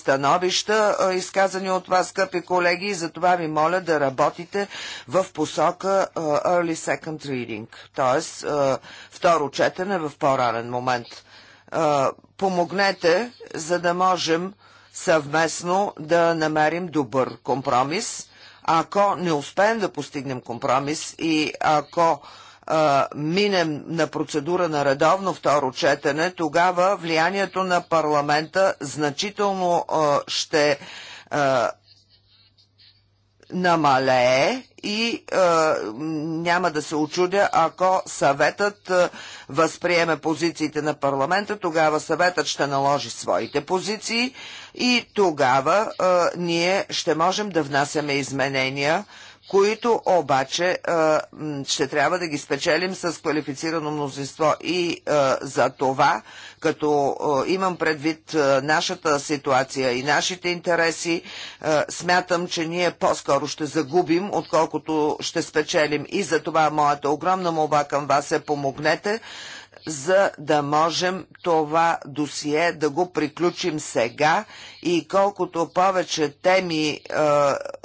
становища, изказани от вас, скъпи колеги, и за това ви моля да работите в посока early second reading, т.е. второ четене в по-ранен момент. Помогнете, за да можем съвместно да намерим добър компромис. Ако не успеем да постигнем компромис и ако минем на процедура на редовно второ четене, тогава влиянието на парламента значително ще намалее и няма да се очудя, ако съветът възприеме позициите на парламента, тогава съветът ще наложи своите позиции и тогава ние ще можем да внасяме изменения които обаче ще трябва да ги спечелим с квалифицирано мнозинство. И за това, като имам предвид нашата ситуация и нашите интереси, смятам, че ние по-скоро ще загубим, отколкото ще спечелим. И за това моята огромна молба към вас е помогнете за да можем това досие да го приключим сега и колкото повече теми е,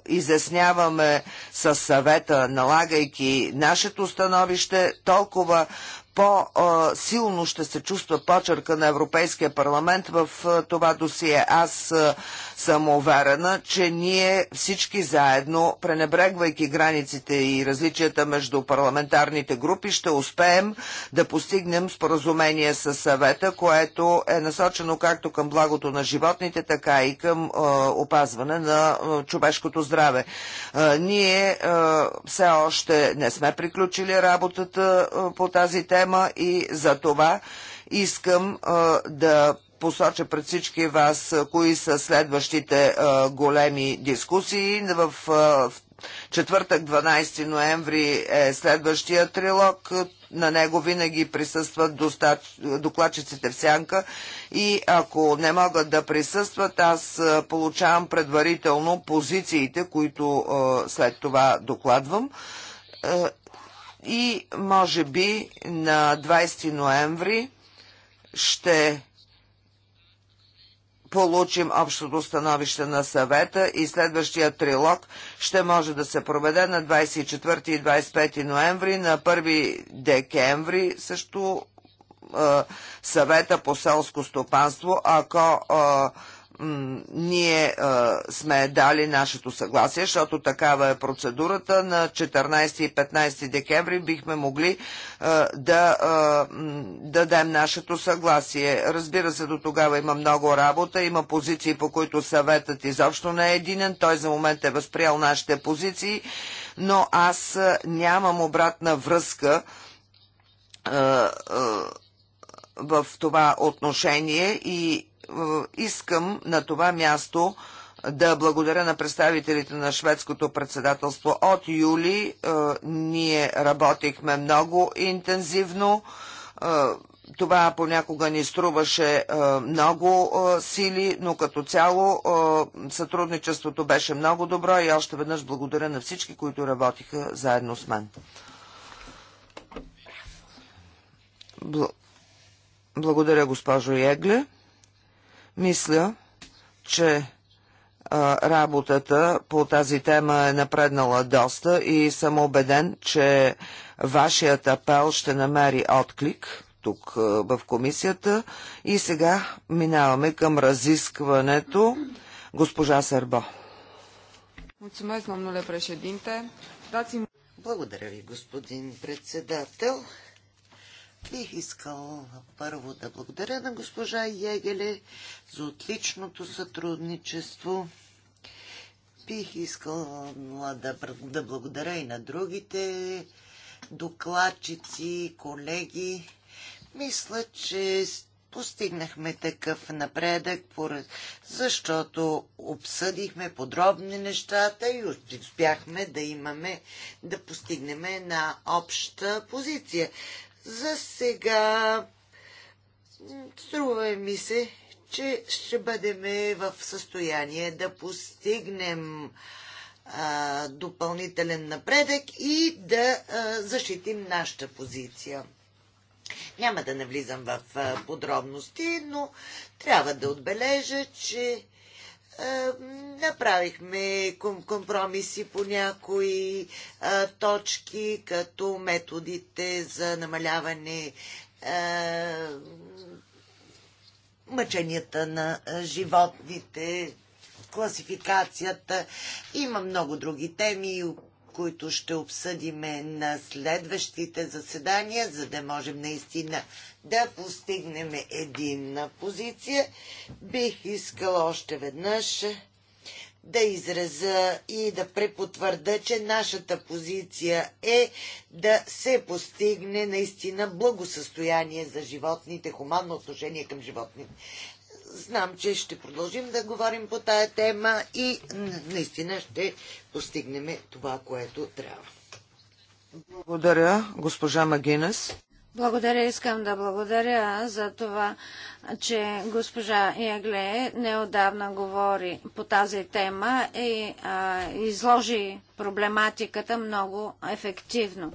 изясняваме със съвета, налагайки нашето становище, толкова по-силно ще се чувства почерка на Европейския парламент в това досие. Аз съм уверена, че ние всички заедно, пренебрегвайки границите и различията между парламентарните групи, ще успеем да постигнем споразумение с съвета, което е насочено както към благото на животните, така и към опазване на човешкото здраве. Ние все още не сме приключили работата по тази тема проблема и за това искам да посоча пред всички вас кои са следващите големи дискусии. В четвъртък 12 ноември е следващия трилог. На него винаги присъстват докладчиците в сянка и ако не могат да присъстват, аз получавам предварително позициите, които след това докладвам и може би на 20 ноември ще получим общото становище на съвета и следващия трилог ще може да се проведе на 24 и 25 ноември, на 1 декември също съвета по селско стопанство, ако а, ние а, сме дали нашето съгласие, защото такава е процедурата. На 14 и 15 декември бихме могли а, да а, дадем нашето съгласие. Разбира се, до тогава има много работа, има позиции, по които съветът изобщо не е единен. Той за момент е възприял нашите позиции, но аз нямам обратна връзка. А, а, в това отношение и е, искам на това място да благодаря на представителите на шведското председателство. От юли е, ние работихме много интензивно. Е, това понякога ни струваше много сили, но като цяло сътрудничеството беше много добро и още веднъж благодаря на всички, които работиха заедно с мен. благодаря, госпожо Егле. Мисля, че работата по тази тема е напреднала доста и съм убеден, че вашият апел ще намери отклик тук в комисията. И сега минаваме към разискването. Госпожа Сърбо. Благодаря ви, господин председател. Бих искал първо да благодаря на госпожа Егеле за отличното сътрудничество. Бих искала да, да благодаря и на другите докладчици, колеги. Мисля, че постигнахме такъв напредък, защото обсъдихме подробни нещата и успяхме да имаме, да постигнем една обща позиция. За сега струва ми се, че ще бъдем в състояние да постигнем а, допълнителен напредък и да а, защитим нашата позиция. Няма да навлизам в а, подробности, но трябва да отбележа, че е, направихме компромиси по някои е, точки, като методите за намаляване е, мъченията на животните, класификацията. Има много други теми, които ще обсъдиме на следващите заседания, за да можем наистина да постигнем единна позиция. Бих искала още веднъж да изразя и да препотвърда, че нашата позиция е да се постигне наистина благосъстояние за животните, хуманно отношение към животните. Знам, че ще продължим да говорим по тая тема и наистина ще постигнем това, което трябва. Благодаря, госпожа Магинес. Благодаря, искам да благодаря за това, че госпожа Ягле неодавна говори по тази тема и а, изложи проблематиката много ефективно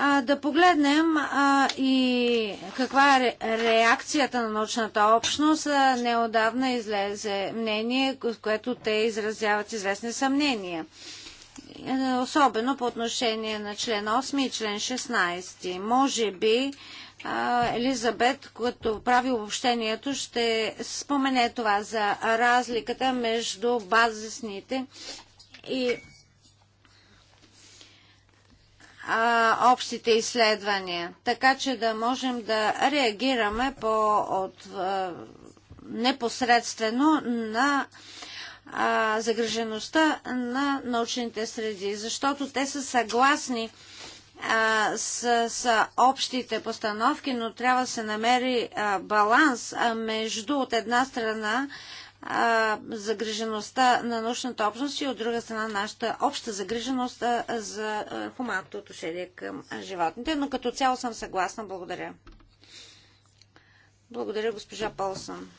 а, да погледнем а, и каква е реакцията на научната общност. А, неодавна излезе мнение, което те изразяват известни съмнения. Е, особено по отношение на член 8 и член 16. Може би Елизабет, като прави обобщението, ще спомене това за разликата между базисните и а, общите изследвания, така че да можем да реагираме по, от, а, непосредствено на а, загрежеността на научните среди, защото те са съгласни с, с общите постановки, но трябва да се намери а, баланс а между от една страна а, загрижеността на научната общност и от друга страна нашата обща загриженост за хуманното отношение към животните. Но като цяло съм съгласна. Благодаря. Благодаря, госпожа Полсън.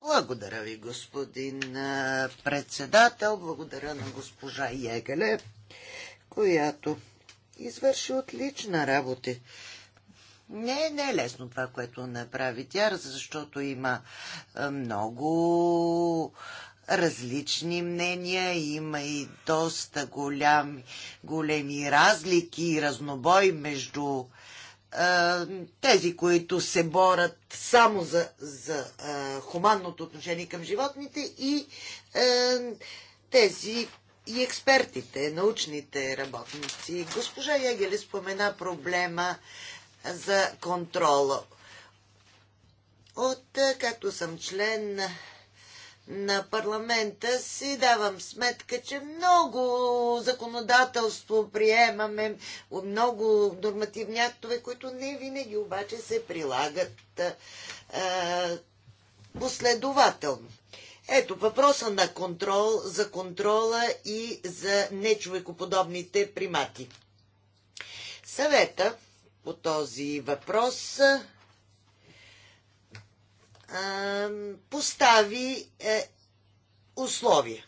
Благодаря ви, господин председател. Благодаря на госпожа Егеле, която извърши отлична работа не, не е лесно това, което направи тя, защото има е, много различни мнения, има и доста голям, големи разлики и разнобой между е, тези, които се борят само за, за а, е, хуманното отношение към животните и а, тези и експертите, научните работници. Госпожа Ягеле спомена проблема за контрола. От е, както съм член на парламента си давам сметка, че много законодателство приемаме, много нормативни актове, които не винаги обаче се прилагат е, последователно. Ето въпроса на контрол, за контрола и за нечовекоподобните примати. Съвета по този въпрос постави е, условия.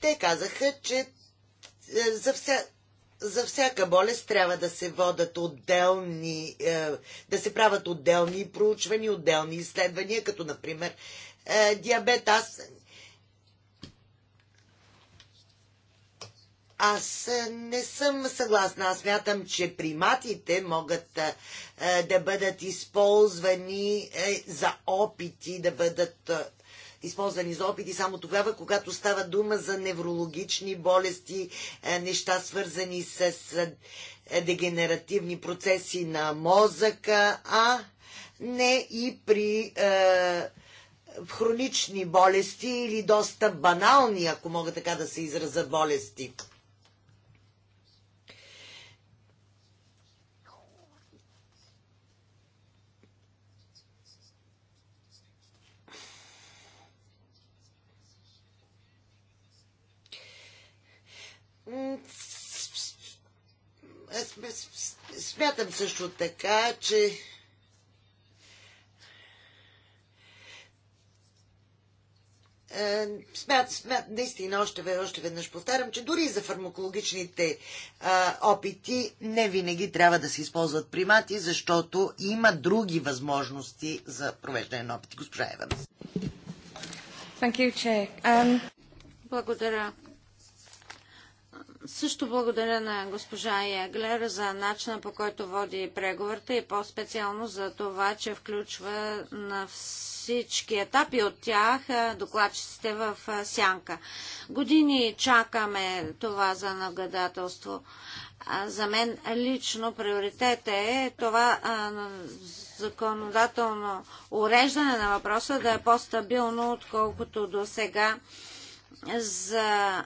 Те казаха, че е, за вся, за всяка болест трябва да се водат отделни, е, да се правят отделни проучвания, отделни изследвания, като например е, диабет. Аз Аз не съм съгласна. Аз мятам, че приматите могат е, да бъдат използвани за опити да бъдат използвани за опити само тогава, когато става дума за неврологични болести, е, неща свързани с е, е, дегенеративни процеси на мозъка, а не и при хронични болести или доста банални, ако мога така да се израза, болести. Смятам също така, че е, смят, смят, наистина, още, още веднъж повтарям, че дори за фармакологичните а, е, опити не винаги трябва да се използват примати, защото има други възможности за провеждане на опити. Госпожа Еванс. Um... Благодаря. Също благодаря на госпожа Яглер за начина по който води преговорите и по-специално за това, че включва на всички етапи от тях докладчиците в сянка. Години чакаме това за нагадателство. За мен лично приоритет е това законодателно уреждане на въпроса да е по-стабилно, отколкото до сега за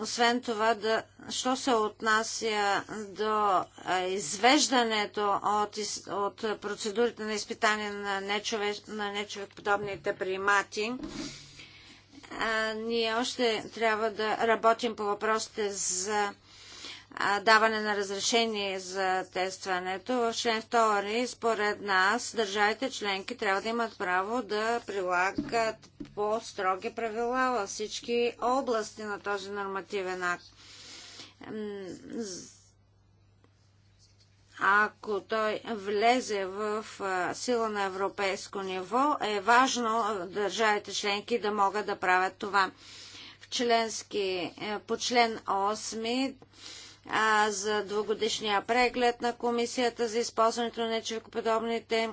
освен това, да, що се отнася до извеждането от, от процедурите на изпитание на, нечовек, на нечовекподобните примати, а, ние още трябва да работим по въпросите за даване на разрешение за тестването. В член 2, според нас, държавите членки трябва да имат право да прилагат по-строги правила във всички области на този нормативен акт. Ако той влезе в сила на европейско ниво, е важно държавите членки да могат да правят това. В членски, е, по член 8 а, за двугодишния преглед на комисията за използването на нечовекоподобните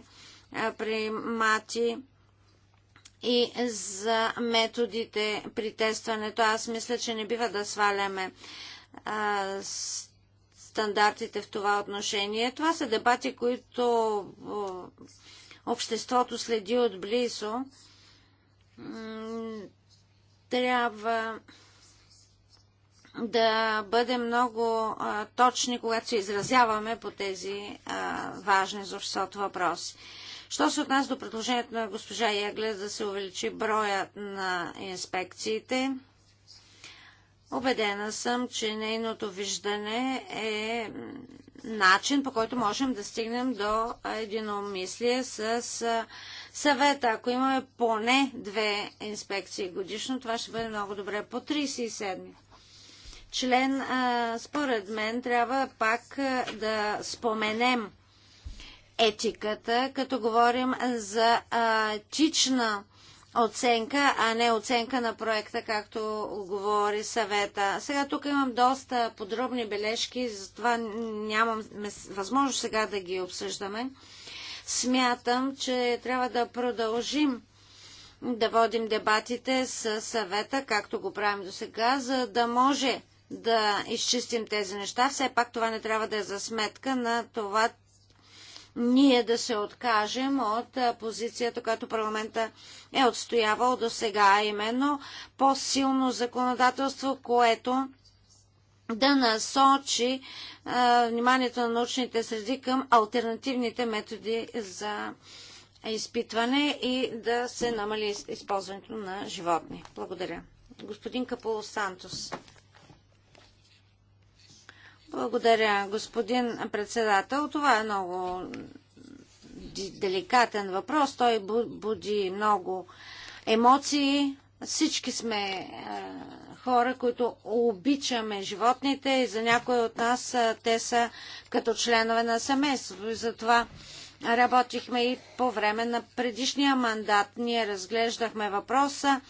примати и за методите при тестването. Аз мисля, че не бива да сваляме стандартите в това отношение. Това са дебати, които обществото следи отблизо. Трябва да бъдем много а, точни, когато се изразяваме по тези а, важни за обществото въпроси. Що се отнася до предложението на госпожа Ягле да се увеличи броя на инспекциите, убедена съм, че нейното виждане е начин, по който можем да стигнем до единомислие с съвета. Ако имаме поне две инспекции годишно, това ще бъде много добре. По 37 член, според мен, трябва пак да споменем етиката, като говорим за етична оценка, а не оценка на проекта, както говори съвета. Сега тук имам доста подробни бележки, затова нямам възможност сега да ги обсъждаме. Смятам, че трябва да продължим да водим дебатите с съвета, както го правим до сега, за да може да изчистим тези неща. Все пак това не трябва да е за сметка на това ние да се откажем от позицията, която парламента е отстоявал до сега, именно по-силно законодателство, което да насочи а, вниманието на научните среди към альтернативните методи за изпитване и да се намали използването на животни. Благодаря. Господин Каполо Сантос. Благодаря, господин председател. Това е много деликатен въпрос. Той буди много емоции. Всички сме е, хора, които обичаме животните и за някои от нас е, те са като членове на семейството. И затова работихме и по време на предишния мандат. Ние разглеждахме въпроса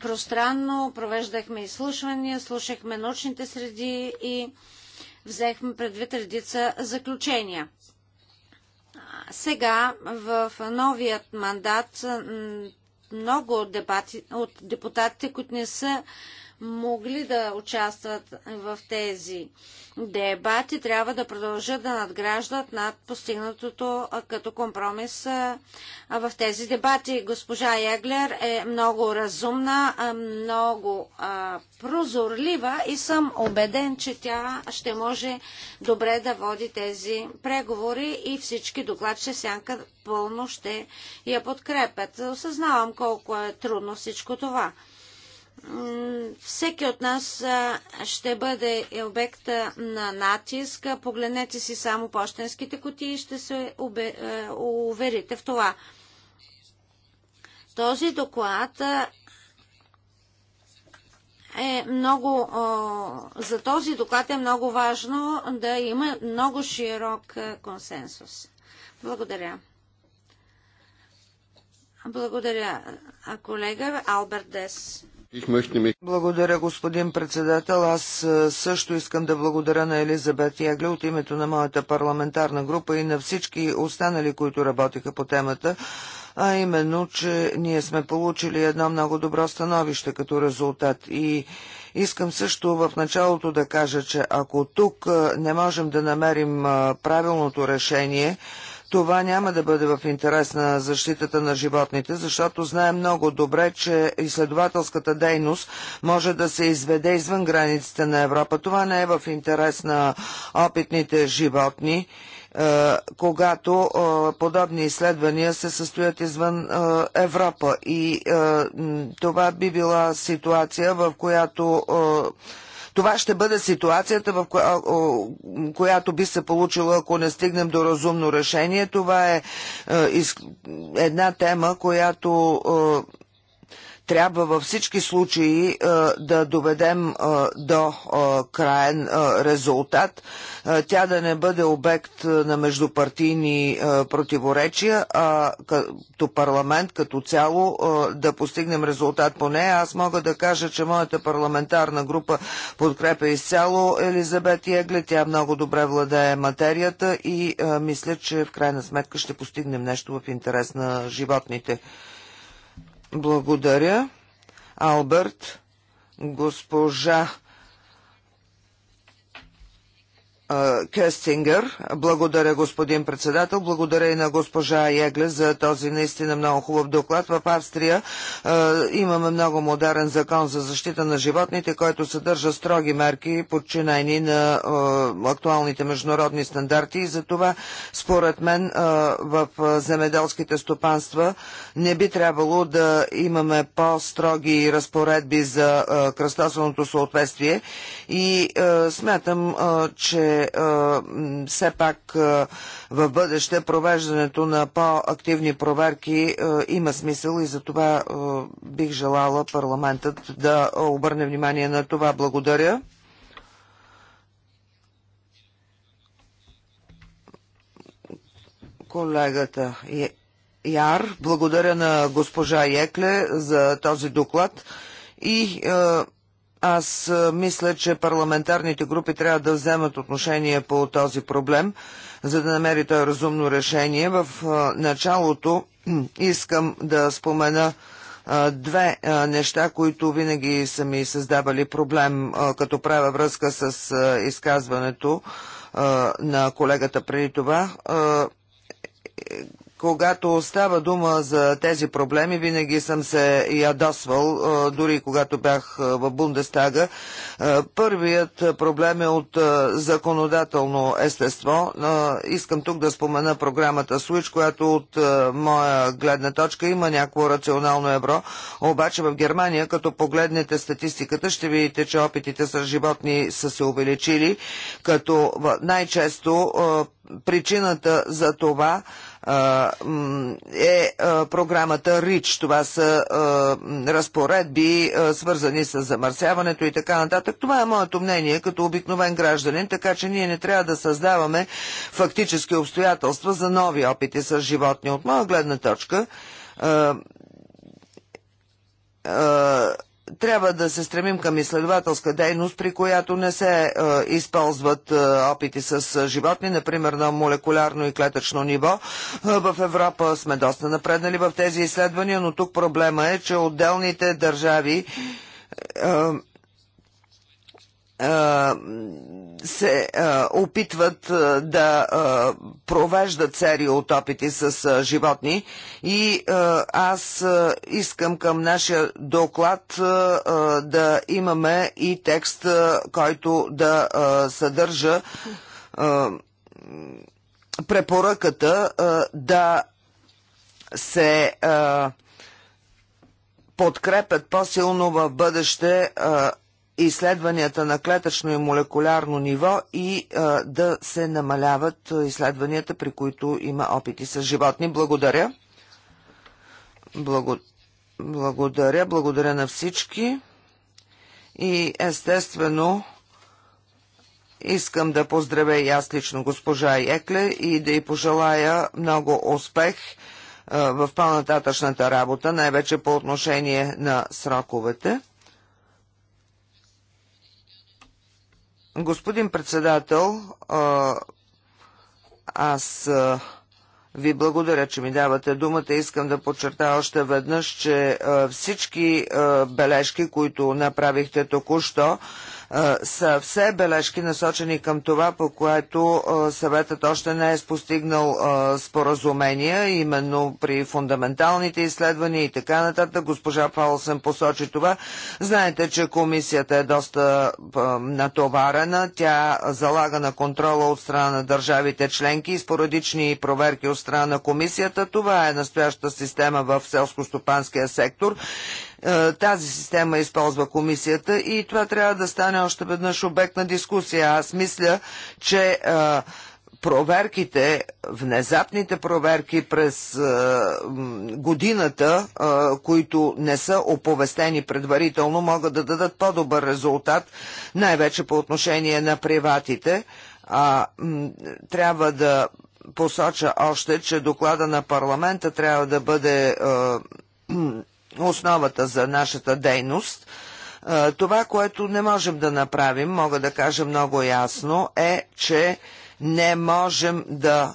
пространно, провеждахме изслушвания, слушахме научните среди и взехме предвид редица заключения. Сега в новият мандат много от, дебати, от депутатите, които не са могли да участват в тези дебати, трябва да продължат да надграждат над постигнатото като компромис в тези дебати. Госпожа Яглер е много разумна, много прозорлива и съм убеден, че тя ще може добре да води тези преговори и всички докладчи сянка пълно ще я подкрепят. Осъзнавам колко е трудно всичко това всеки от нас ще бъде обекта на натиск. Погледнете си само почтенските кутии и ще се уверите в това. Този доклад е много, за този доклад е много важно да има много широк консенсус. Благодаря. Благодаря, колега Алберт Дес. Благодаря, господин председател. Аз също искам да благодаря на Елизабет Ягле от името на моята парламентарна група и на всички останали, които работиха по темата а именно, че ние сме получили едно много добро становище като резултат. И искам също в началото да кажа, че ако тук не можем да намерим правилното решение, това няма да бъде в интерес на защитата на животните, защото знае много добре, че изследователската дейност може да се изведе извън границите на Европа. Това не е в интерес на опитните животни е, когато е, подобни изследвания се състоят извън е, Европа. И това би била ситуация, в която това ще бъде ситуацията, в коя, която би се получила, ако не стигнем до разумно решение. Това е, е една тема, която е, трябва във всички случаи е, да доведем е, до е, краен резултат, тя да не бъде обект на междупартийни противоречия, а като парламент като цяло да постигнем резултат по нея. Аз мога да кажа, че моята парламентарна група подкрепя изцяло Елизабет Егле. Тя много добре владее материята и мисля, че в крайна сметка ще постигнем нещо в интерес на животните. Благодаря. Алберт, госпожа Кестингър. Благодаря, господин председател. Благодаря и на госпожа Егле за този наистина много хубав доклад. В Австрия имаме много модерен закон за защита на животните, който съдържа строги мерки, подчинени на актуалните международни стандарти. И за това, според мен, в земеделските стопанства не би трябвало да имаме по-строги разпоредби за кръстосаното съответствие и а, е, смятам, а, е, че а, е, все пак е, в бъдеще провеждането на по-активни проверки а, има смисъл и за това а, бих желала парламентът да обърне внимание на това. Благодаря. Колегата Яр, благодаря на госпожа Екле за този доклад и е, аз мисля, че парламентарните групи трябва да вземат отношение по този проблем, за да намери той разумно решение. В началото искам да спомена две неща, които винаги са ми създавали проблем, като правя връзка с изказването на колегата преди това когато става дума за тези проблеми, винаги съм се ядосвал, дори когато бях в Бундестага. Първият проблем е от законодателно естество. Искам тук да спомена програмата Switch, която от моя гледна точка има някакво рационално евро. Обаче в Германия, като погледнете статистиката, ще видите, че опитите с животни са се увеличили, като най-често причината за това е е програмата РИЧ. Това са разпоредби, свързани с замърсяването и така нататък. Това е моето мнение като обикновен гражданин, така че ние не трябва да създаваме фактически обстоятелства за нови опити с животни. От моя гледна точка, трябва да се стремим към изследователска дейност, при която не се е, използват е, опити с е, животни, например на молекулярно и клетъчно ниво. Е, в Европа сме доста напреднали в тези изследвания, но тук проблема е, че отделните държави е, се опитват да провеждат серии от опити с животни и аз искам към нашия доклад да имаме и текст, който да съдържа препоръката да се подкрепят по-силно в бъдеще изследванията на клетъчно и молекулярно ниво и а, да се намаляват изследванията, при които има опити с животни. Благодаря. Благо... Благодаря. Благодаря на всички. И естествено, искам да поздравя и аз лично госпожа Екле и да й пожелая много успех а, в по-нататъчната работа, най-вече по отношение на сроковете. Господин председател, аз ви благодаря, че ми давате думата. Искам да подчертая още веднъж, че всички бележки, които направихте току-що, са все бележки насочени към това, по което съветът още не е постигнал споразумения, именно при фундаменталните изследвания и така нататък. Госпожа Паулсен посочи това. Знаете, че комисията е доста натоварена. Тя залага на контрола от страна на държавите членки и спорадични проверки от страна на комисията. Това е настоящата система в селско-стопанския сектор е, тази система използва комисията и това трябва да стане още веднъж обект на дискусия. Аз мисля, че е, проверките, внезапните проверки през е, годината, които не са оповестени предварително, могат да дадат по-добър резултат, най-вече по отношение на приватите. А, трябва да посоча още, че доклада на парламента трябва да бъде основата за нашата дейност. Това, което не можем да направим, мога да кажа много ясно, е, че не можем да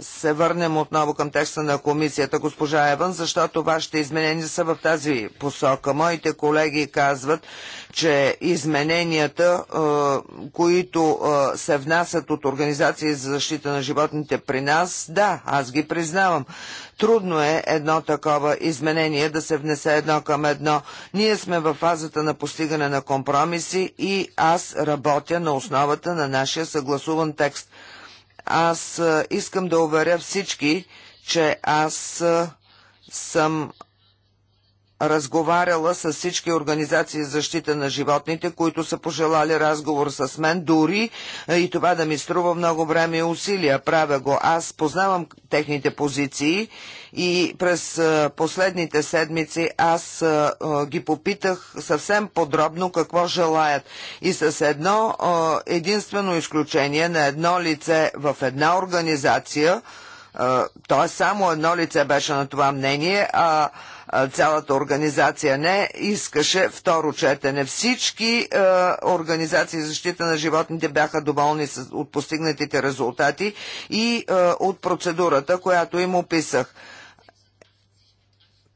се върнем отново към текста на комисията, госпожа Еван, защото вашите изменения са в тази посока. Моите колеги казват, че измененията, е, които е, се внасят от Организации за защита на животните при нас, да, аз ги признавам. Трудно е едно такова изменение да се внесе едно към едно. Ние сме в фазата на постигане на компромиси и аз работя на основата на нашия съгласуван текст – аз искам да уверя всички, че аз съм разговаряла с всички организации за защита на животните, които са пожелали разговор с мен, дори е, и това да ми струва много време и усилия. Правя го. Аз познавам техните позиции и през е, последните седмици аз е, ги попитах съвсем подробно какво желаят. И с едно единствено изключение на едно лице в една организация, т.е. само едно лице беше на това мнение, а цялата организация не, искаше второ четене. Всички е, организации за защита на животните бяха доволни с, от постигнатите резултати и е, от процедурата, която им описах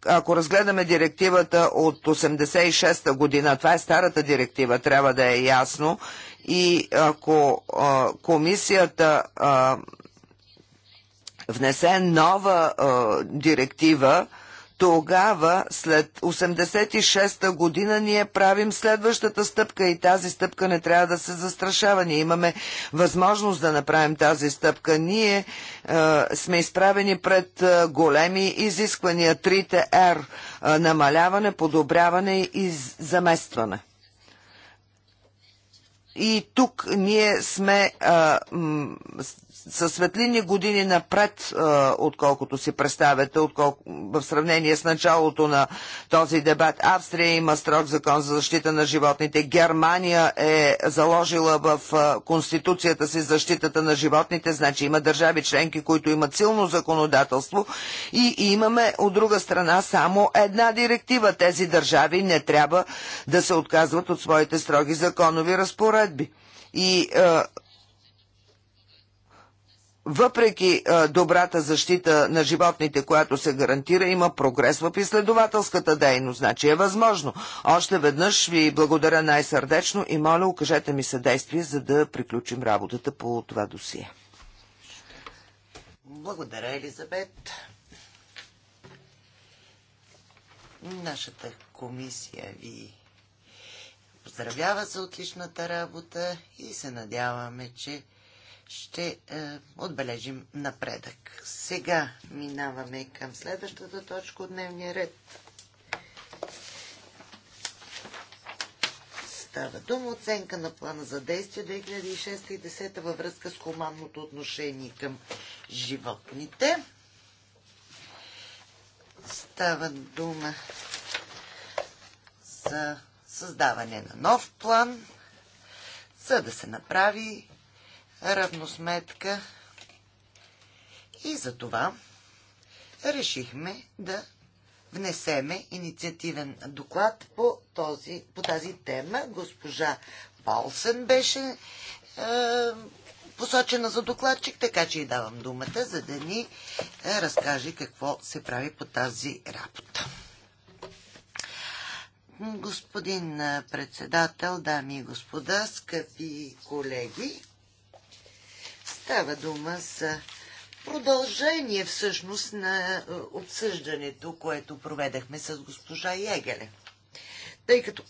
ако разгледаме директивата от 86-та година, това е старата директива, трябва да е ясно, и ако а, е, комисията а, е, внесе нова а, е, директива, тогава, след 86-та година, ние правим следващата стъпка и тази стъпка не трябва да се застрашава. Ние имаме възможност да направим тази стъпка. Ние е, сме изправени пред е, големи изисквания, трите R е, намаляване, подобряване и заместване. И тук ние сме а, е, са светлини години напред, отколкото си представяте, отколко, в сравнение с началото на този дебат. Австрия има строг закон за защита на животните. Германия е заложила в конституцията си защитата на животните, значи има държави членки, които имат силно законодателство и имаме от друга страна само една директива. Тези държави не трябва да се отказват от своите строги законови разпоредби. И въпреки добрата защита на животните, която се гарантира, има прогрес в изследователската дейност. Значи е възможно. Още веднъж ви благодаря най-сърдечно и моля, окажете ми съдействие, за да приключим работата по това досие. Благодаря, Елизабет. Нашата комисия ви поздравява за отличната работа и се надяваме, че ще е, отбележим напредък. Сега минаваме към следващата точка от дневния ред. Става дума оценка на плана за действие 2006-2010 във връзка с хуманното отношение към животните. Става дума за създаване на нов план, за да се направи равносметка. И за това решихме да внесеме инициативен доклад по, този, по тази тема. Госпожа Полсен беше е, посочена за докладчик, така че и давам думата, за да ни е, разкаже какво се прави по тази работа. Господин е, председател, дами и господа, скъпи колеги, Става дума за продължение всъщност на е, обсъждането, което проведахме с госпожа Ягеле. Тъй като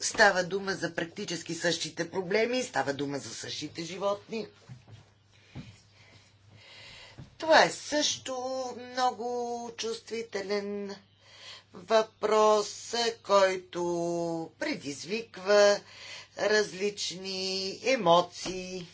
става дума за практически същите проблеми, става дума за същите животни. Това е също много чувствителен въпрос, който предизвиква различни емоции.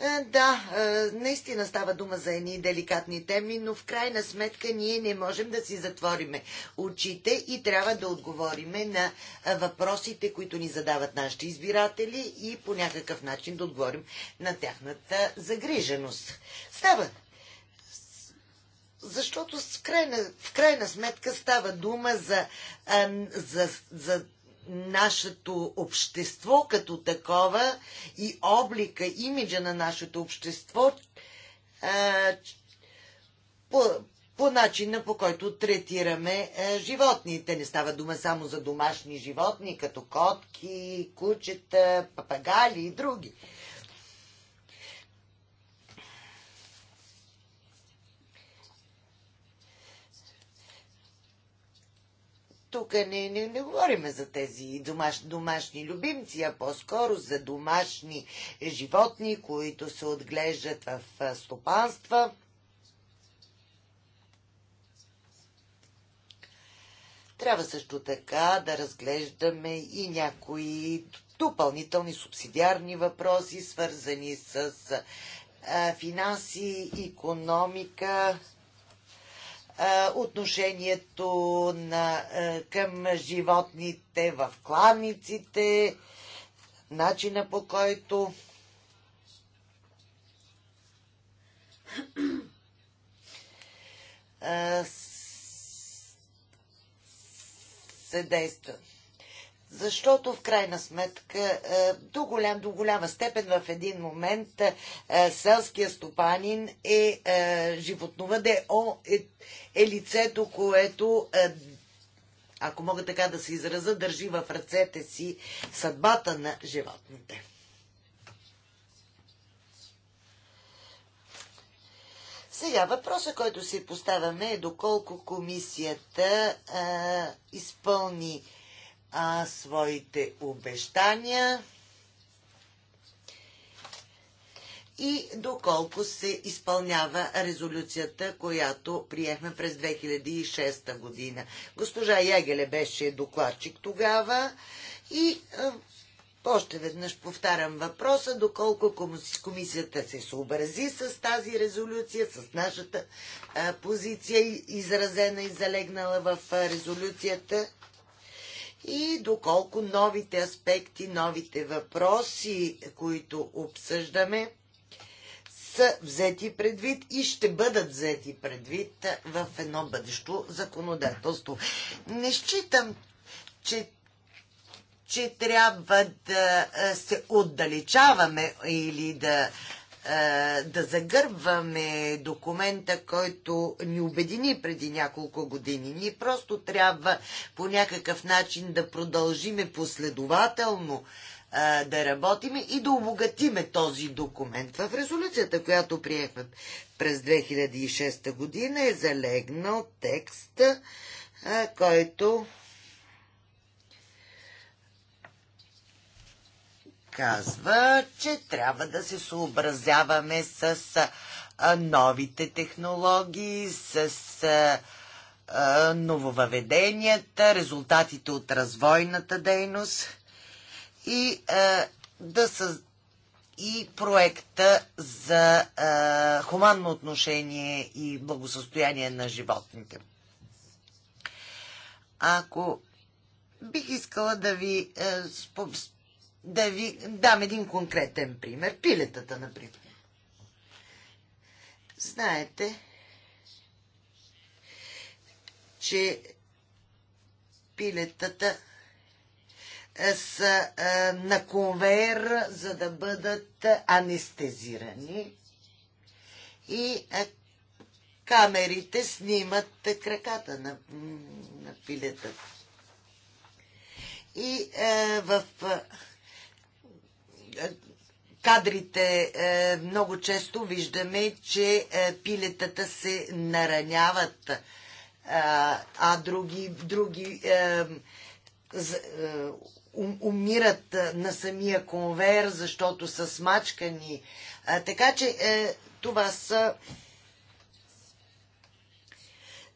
Е, да, е, наистина става дума за едни деликатни теми, но в крайна сметка ние не можем да си затвориме очите и трябва да отговориме на е, въпросите, които ни задават нашите избиратели и по някакъв начин да отговорим на тяхната загриженост. Става. Защото в крайна, в крайна сметка става дума за, за, за нашето общество като такова и облика, имиджа на нашето общество а, по, по начина по който третираме а, животните. Не става дума само за домашни животни, като котки, кучета, папагали и други. А, тук не, не, не говорим за тези домаш, домашни любимци, а по-скоро за домашни животни, които се отглеждат в стопанства. Трябва също така да разглеждаме и някои допълнителни субсидиарни въпроси, свързани с финанси, економика, отношението на, към животните в кланиците, начина по който се действа защото в крайна сметка е, до, голям, до голяма степен в един момент е, селския стопанин е, е животновъде, е, е лицето, което ако мога така да се израза, държи в ръцете си съдбата на животните. Сега въпросът, който си поставяме е доколко комисията а, изпълни а, своите обещания и доколко се изпълнява резолюцията, която приехме през 2006 година. Госпожа Ягеле беше докладчик тогава и още веднъж повтарям въпроса, доколко комисията се съобрази с тази резолюция, с нашата позиция, изразена и залегнала в резолюцията и доколко новите аспекти, новите въпроси, които обсъждаме, са взети предвид и ще бъдат взети предвид в едно бъдещо законодателство. Не считам, че че трябва да се отдалечаваме или да е, да загърбваме документа, който ни обедини преди няколко години. Ние просто трябва по някакъв начин да продължиме последователно а, е, да работиме и да обогатиме този документ. В резолюцията, която приехме през 2006 година е залегнал текст, е, който казва, че трябва да се съобразяваме с новите технологии, с нововъведенията, резултатите от развойната дейност и, да са и проекта за хуманно отношение и благосъстояние на животните. Ако бих искала да ви да ви дам един конкретен пример. Пилетата, например. Знаете, че пилетата са на конвейер, за да бъдат анестезирани. И камерите снимат краката на, на пилетата. И е, в кадрите е, много често виждаме, че е, пилетата се нараняват, е, а други, други умират на самия конвейер, защото са смачкани. така че това са.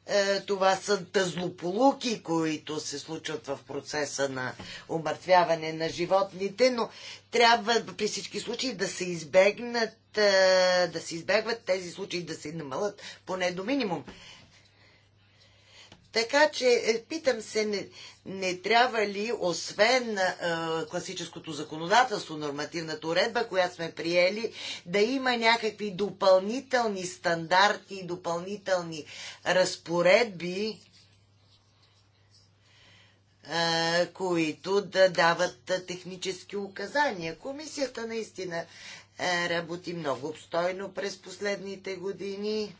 Е, това са злополуки, които се случват в процеса на умъртвяване на животните, но трябва при всички случаи да се избегнат, е, да се избегват тези случаи, да се намалят поне до минимум. Така че е, питам се, не, не трябва ли, освен е, класическото законодателство, нормативната уредба, която сме приели, да има някакви допълнителни стандарти, допълнителни разпоредби, е, които да дават технически указания. Комисията наистина е, работи много обстойно през последните години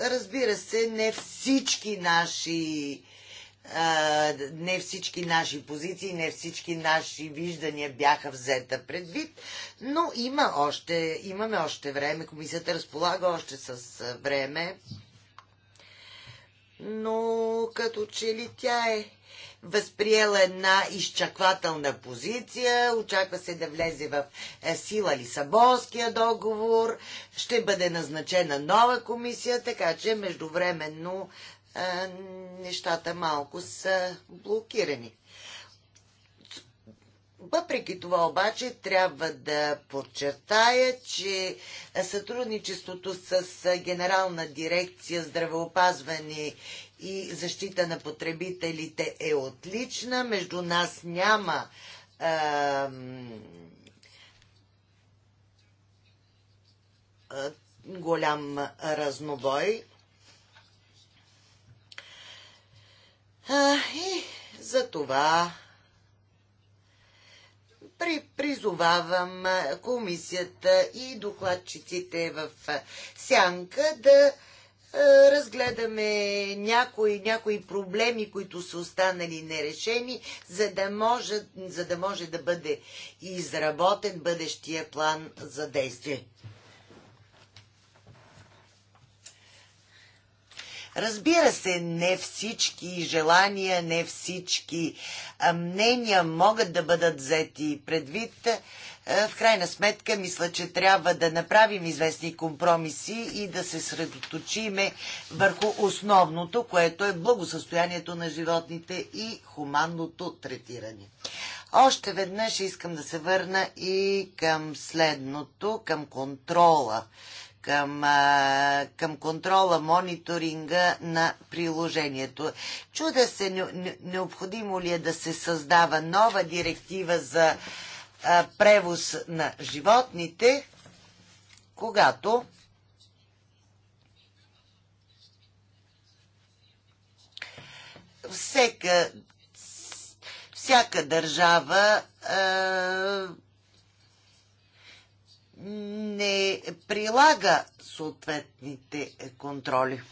разбира се, не всички наши не всички наши позиции, не всички наши виждания бяха взета предвид, но има още, имаме още време, комисията разполага още с време, но като че ли тя е възприела една изчаквателна позиция. Очаква се да влезе в е, сила Лисабонския договор. Ще бъде назначена нова комисия, така че междувременно е, нещата малко са блокирани. Въпреки това обаче трябва да подчертая, че сътрудничеството с Генерална дирекция здравеопазване и защита на потребителите е отлична. Между нас няма а, голям разнобой. А, и за това при, призовавам комисията и докладчиците в сянка да разгледаме някои, някои проблеми, които са останали нерешени, за да, може, за да може да бъде изработен бъдещия план за действие. Разбира се, не всички желания, не всички мнения могат да бъдат взети предвид. В крайна сметка, мисля, че трябва да направим известни компромиси и да се средоточиме върху основното, което е благосъстоянието на животните и хуманното третиране. Още веднъж искам да се върна и към следното, към контрола към, към контрола, мониторинга на приложението. Чуда се, необходимо ли е да се създава нова директива за превоз на животните, когато всяка, всяка държава не прилага съответните контроли.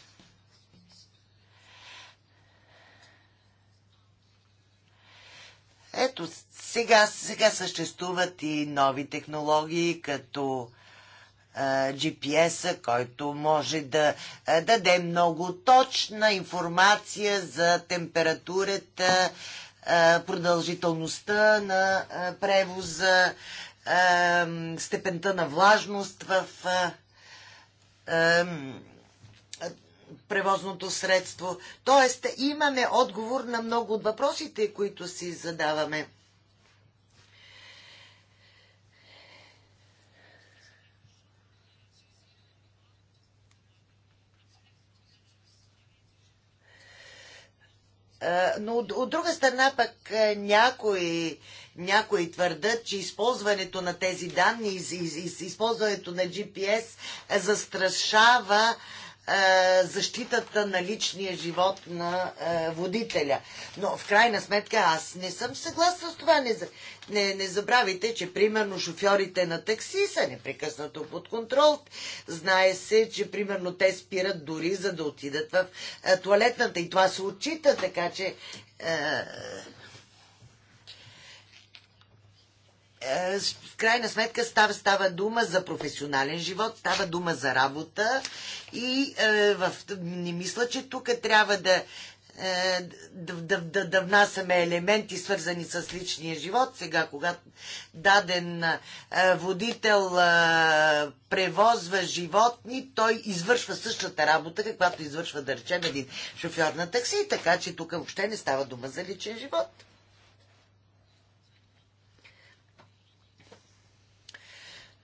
Ето, сега, сега съществуват и нови технологии, като GPS-а, който може да даде много точна информация за температурата, продължителността на превоза, степента на влажност в превозното средство. Тоест, имаме отговор на много от въпросите, които си задаваме. но от друга страна пък някои, някои твърдат, че използването на тези данни, използването на GPS застрашава е, защитата на личния живот на е, водителя. Но в крайна сметка аз не съм съгласна с това. Не, не, не забравяйте, че примерно шофьорите на такси са непрекъснато под контрол. Знае се, че примерно те спират дори за да отидат в е, туалетната и това се отчита, така че. в крайна сметка става, става дума за професионален живот, става дума за работа и е, в, не мисля, че тук трябва да, е, да, да, да, да внасяме елементи, свързани с личния живот. Сега, когато даден е, водител е, превозва животни, той извършва същата работа, каквато извършва, да речем, един шофьор на такси, така че тук въобще не става дума за личен живот.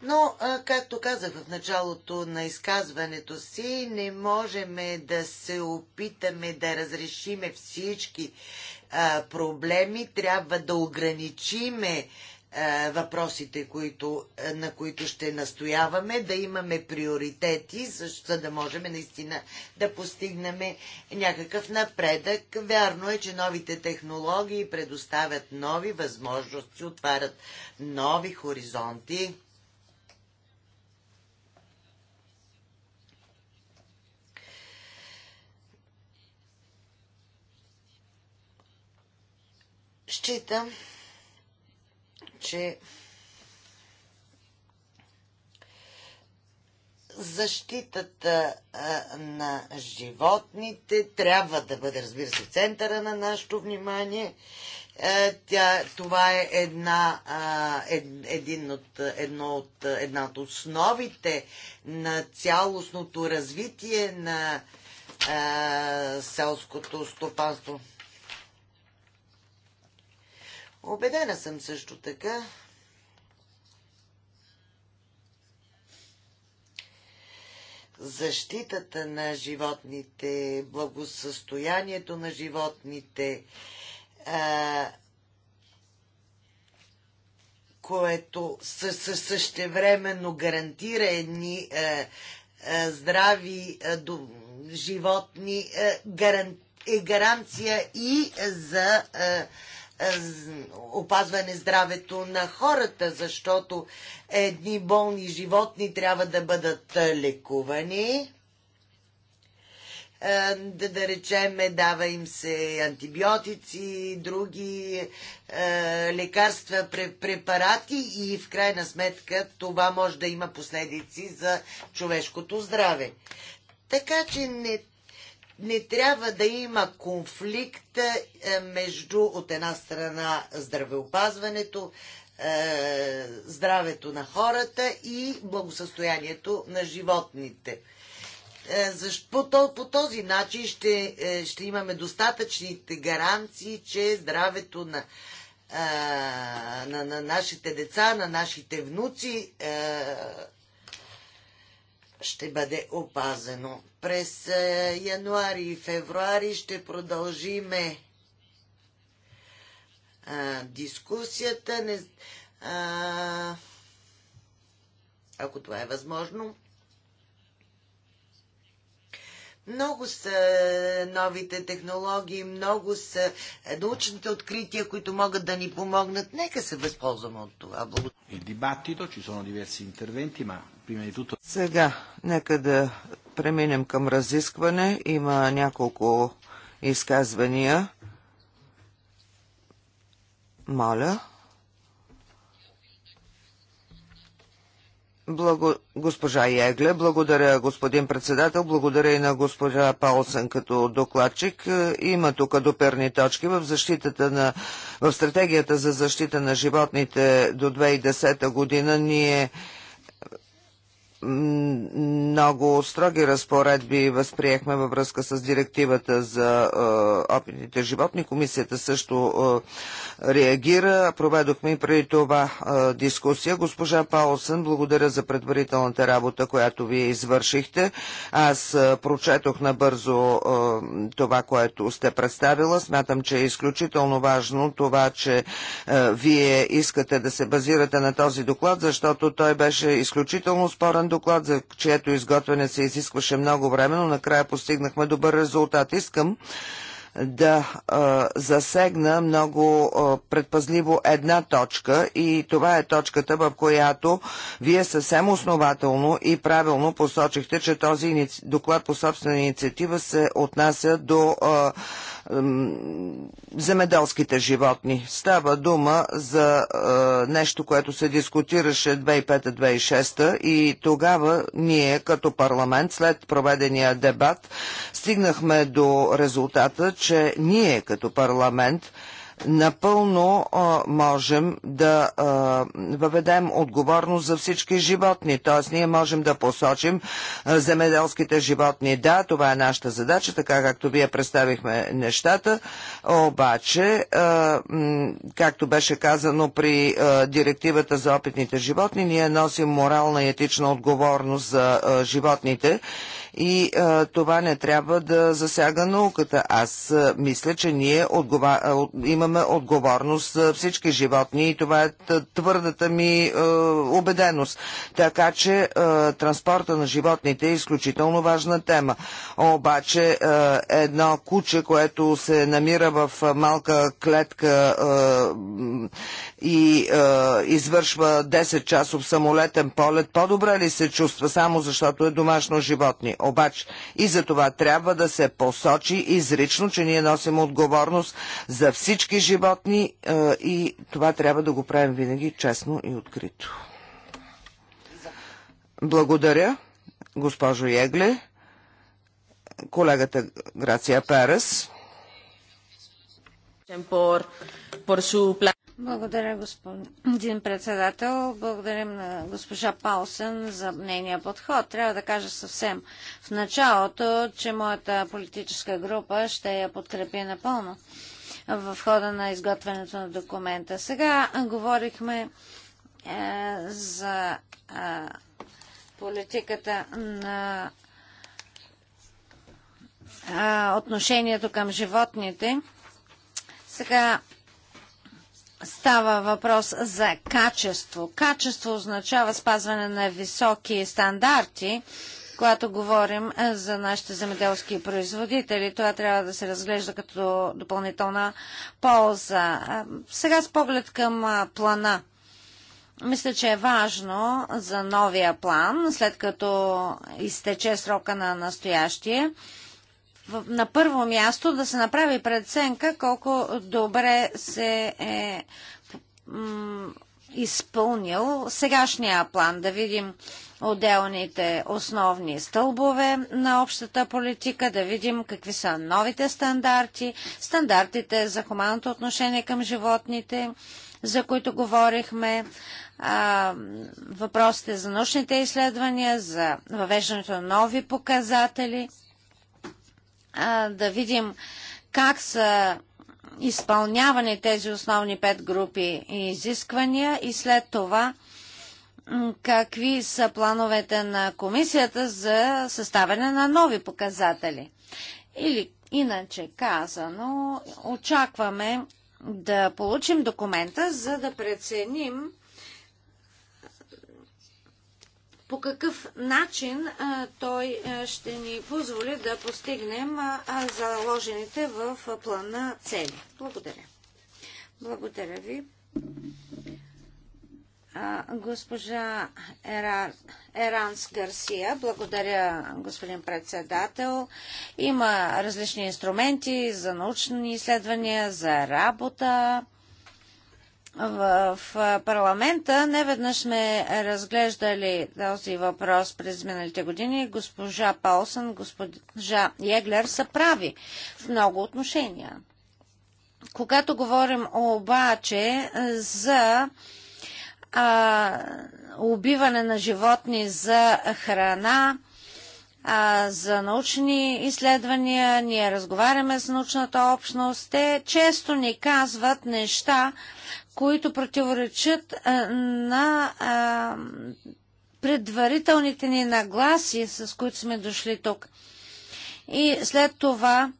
Но, както казах в началото на изказването си, не можем да се опитаме да разрешиме всички проблеми. Трябва да ограничиме въпросите, които, на които ще настояваме, да имаме приоритети, за да можем наистина да постигнем някакъв напредък. Вярно е, че новите технологии предоставят нови възможности, отварят нови хоризонти Считам, че защитата а, на животните трябва да бъде, разбира се, в центъра на нашето внимание. тя, това е една, а, ед, един от, едно от, една от основите на цялостното развитие на а, селското стопанство. Обедена съм също така, защитата на животните, благосъстоянието на животните, което същевременно гарантира едни здрави животни, е гаранция и за е, опазване здравето на хората, защото едни болни животни трябва да бъдат е, лекувани. Е, да, да речем, дава им се антибиотици, други е, лекарства, препарати и в крайна сметка това може да има последици за човешкото здраве. Така че не не трябва да има конфликт е, между от една страна здравеопазването, е, здравето на хората и благосъстоянието на животните. Е, по, по този начин ще, ще имаме достатъчните гаранции, че здравето на, на, на нашите деца, на нашите внуци ще бъде опазено. През е, януари и февруари ще продължиме а, е, дискусията. Не, а, е, ако това е възможно. Много са новите технологии, много са научните открития, които могат да ни помогнат. Нека се възползваме от това. Благодаря. Сега, нека да преминем към разискване. Има няколко изказвания. Моля. Благо... Госпожа Егле, благодаря господин председател, благодаря и на госпожа Паулсен като докладчик. Има тук доперни точки в защитата на в стратегията за защита на животните до 2010 година ние много строги разпоредби възприехме във връзка с директивата за опитните животни. Комисията също реагира. Проведохме и преди това дискусия. Госпожа Паулсън, благодаря за предварителната работа, която вие извършихте. Аз прочетох набързо това, което сте представила. Смятам, че е изключително важно това, че вие искате да се базирате на този доклад, защото той беше изключително спорен доклад, за чието изготвяне се изискваше много време, но накрая постигнахме добър резултат. Искам да а, засегна много а, предпазливо една точка и това е точката, в която вие съвсем основателно и правилно посочихте, че този доклад по собствена инициатива се отнася до а, земеделските животни. Става дума за е, нещо, което се дискутираше 2005-2006 и тогава ние като парламент след проведения дебат стигнахме до резултата, че ние като парламент напълно а, можем да а, въведем отговорност за всички животни. Т.е. ние можем да посочим а, земеделските животни. Да, това е нашата задача, така както вие представихме нещата. Обаче, а, както беше казано при а, директивата за опитните животни, ние носим морална и етична отговорност за а, животните и а, това не трябва да засяга науката. Аз а, мисля, че ние отгова... имаме отговорност за всички животни и това е твърдата ми а, убеденост. Така че а, транспорта на животните е изключително важна тема. Обаче а, едно куче, което се намира в малка клетка а, и а, извършва 10 часов самолетен полет, по-добре ли се чувства само защото е домашно животни? обаче. И за това трябва да се посочи изрично, че ние носим отговорност за всички животни е, и това трябва да го правим винаги честно и открито. Благодаря, госпожо Егле, колегата Грация Перес. Por, por su plan. Благодаря, господин председател. Благодарим на госпожа Паусен за нейния подход. Трябва да кажа съвсем в началото, че моята политическа група ще я подкрепи напълно в хода на изготвянето на документа. Сега говорихме е, за е, политиката на е, отношението към животните. Сега Става въпрос за качество. Качество означава спазване на високи стандарти, когато говорим е, за нашите земеделски производители. Това трябва да се разглежда като допълнителна полза. Сега с поглед към плана. Мисля, че е важно за новия план, след като изтече срока на настоящия, на първо място да се направи преценка колко добре се е изпълнил сегашния план, да видим отделните основни стълбове на общата политика, да видим какви са новите стандарти, стандартите за хуманното отношение към животните, за които говорихме, а, въпросите за научните изследвания, за въвеждането на нови показатели – да видим как са изпълнявани тези основни пет групи изисквания и след това какви са плановете на комисията за съставяне на нови показатели. Или иначе казано, очакваме да получим документа, за да преценим по какъв начин той ще ни позволи да постигнем заложените в плана цели. Благодаря. Благодаря ви. Госпожа Ерар, Еранс Гарсия, благодаря, господин председател. Има различни инструменти за научни изследвания, за работа в парламента неведнъж сме разглеждали този въпрос през миналите години. Госпожа Паулсън, госпожа Еглер са прави в много отношения. Когато говорим обаче за а, убиване на животни за храна, а, за научни изследвания, ние разговаряме с научната общност, те често ни казват неща, които противоречат на предварителните ни нагласи, с които сме дошли тук. И след това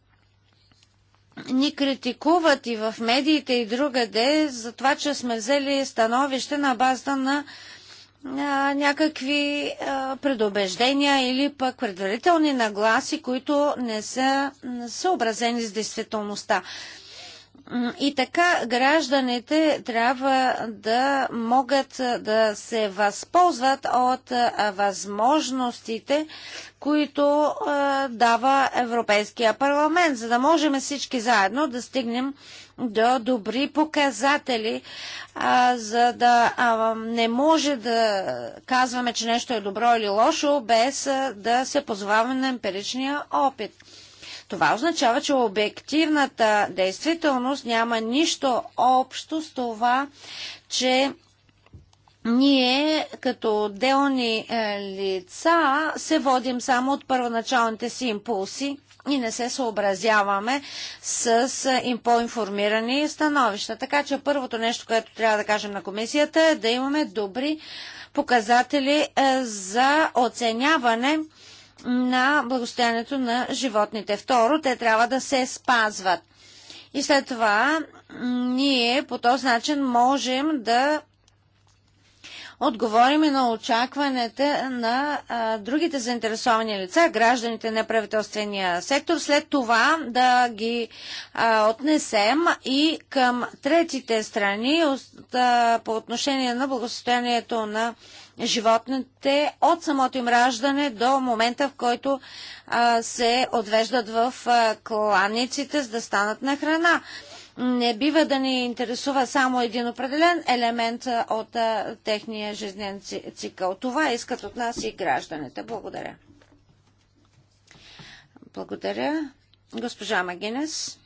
ни критикуват и в медиите и другаде за това, че сме взели становище на базата на а, някакви а, предубеждения или пък предварителни нагласи, които не са съобразени с действителността. И така гражданите трябва да могат да се възползват от възможностите, които дава Европейския парламент, за да можем всички заедно да стигнем до добри показатели, а, за да а, не може да казваме, че нещо е добро или лошо, без а, да се позоваваме на емпиричния опит. Това означава, че обективната действителност няма нищо общо с това, че ние като отделни е, лица се водим само от първоначалните си импулси и не се съобразяваме с е, им по-информирани становища. Така че първото нещо, което трябва да кажем на комисията е да имаме добри показатели е, за оценяване на благостоянието на животните. Второ, те трябва да се спазват. И след това ние по този начин можем да отговорим на очакванията на а, другите заинтересовани лица, гражданите на правителствения сектор, след това да ги а, отнесем и към третите страни от, а, по отношение на благосостоянието на животните от самото им раждане до момента, в който а, се отвеждат в а, кланиците, за да станат на храна. Не бива да ни интересува само един определен елемент от а, техния жизнен цикъл. Това искат от нас и гражданите. Благодаря. Благодаря. Госпожа Магинес.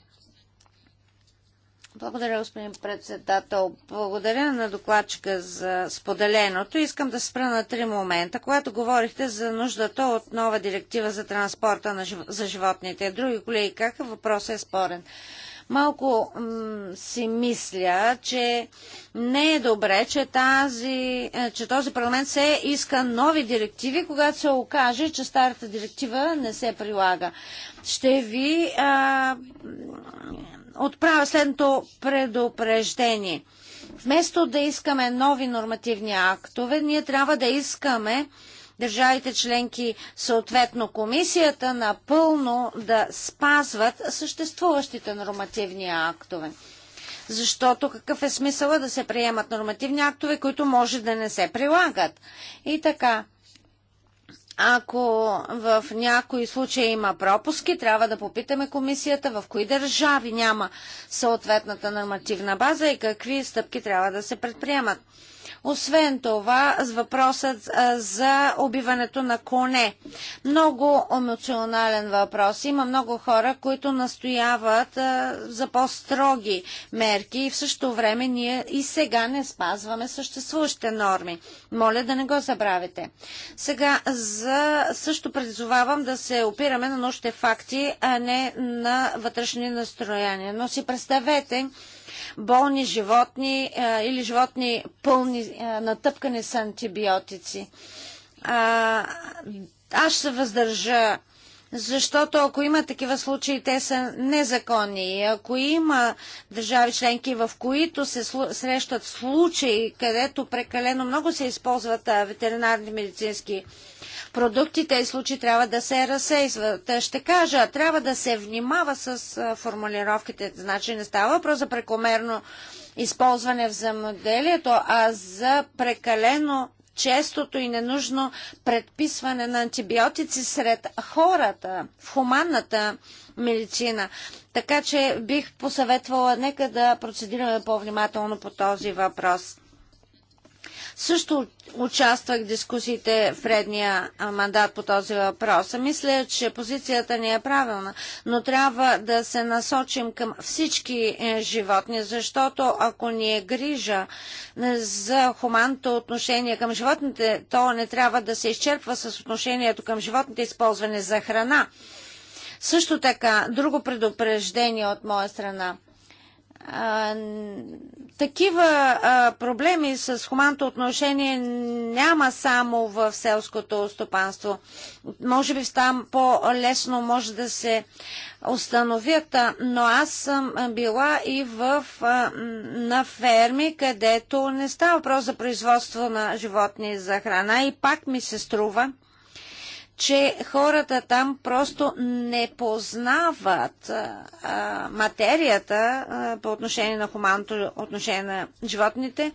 Благодаря, господин председател. Благодаря на докладчика за споделеното. Искам да спра на три момента. Когато говорихте за нуждата от нова директива за транспорта на, за животните, други колеги какъв въпрос е спорен. Малко си мисля, че не е добре, че, тази, е, че този парламент се иска нови директиви, когато се окаже, че старата директива не се прилага. Ще ви а, отправя следното предупреждение. Вместо да искаме нови нормативни актове, ние трябва да искаме държавите членки, съответно комисията, напълно да спазват съществуващите нормативни актове. Защото какъв е смисъла да се приемат нормативни актове, които може да не се прилагат? И така, ако в някои случаи има пропуски, трябва да попитаме комисията в кои държави няма съответната нормативна база и какви стъпки трябва да се предприемат. Освен това, с въпросът за убиването на коне. Много емоционален въпрос. Има много хора, които настояват за по-строги мерки и в същото време ние и сега не спазваме съществуващите норми. Моля да не го забравите. Сега за... също призовавам да се опираме на нощите факти, а не на вътрешни настроения. Но си представете, болни животни а, или животни пълни, а, натъпкани с антибиотици. А, аз ще въздържа защото ако има такива случаи, те са незаконни. И ако има държави членки, в които се срещат случаи, където прекалено много се използват ветеринарни медицински продукти, тези случаи трябва да се разсействат. Ще кажа, трябва да се внимава с формулировките. Значи не става въпрос за прекомерно използване в земеделието, а за прекалено честото и ненужно предписване на антибиотици сред хората в хуманната медицина. Така че бих посъветвала, нека да процедираме по-внимателно по този въпрос. Също участвах в дискусиите в предния мандат по този въпрос. Мисля, че позицията ни е правилна, но трябва да се насочим към всички е, животни, защото ако ни е грижа е, за хуманното отношение към животните, то не трябва да се изчерпва с отношението към животните, използване за храна. Също така, друго предупреждение от моя страна такива а, проблеми с хуманното отношение няма само в селското стопанство. Може би там по-лесно може да се установят, а, но аз съм била и в, а, на ферми, където не става въпрос за производство на животни за храна и пак ми се струва, че хората там просто не познават а, материята а, по отношение на хуманното отношение на животните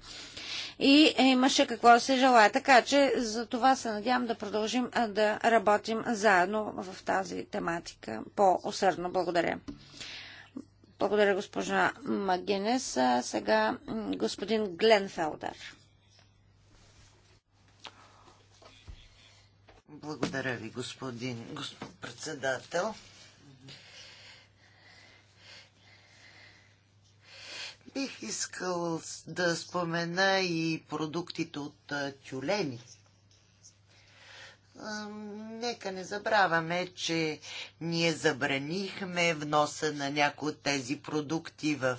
и е, имаше какво да се желая. Така че за това се надявам да продължим а, да работим заедно в тази тематика по-усърдно. Благодаря. Благодаря, госпожа Магинес. сега господин Гленфелдер. Благодаря ви, господин, господин председател. Бих искал да спомена и продуктите от тюлени. Нека не забравяме, че ние забранихме вноса на някои от тези продукти в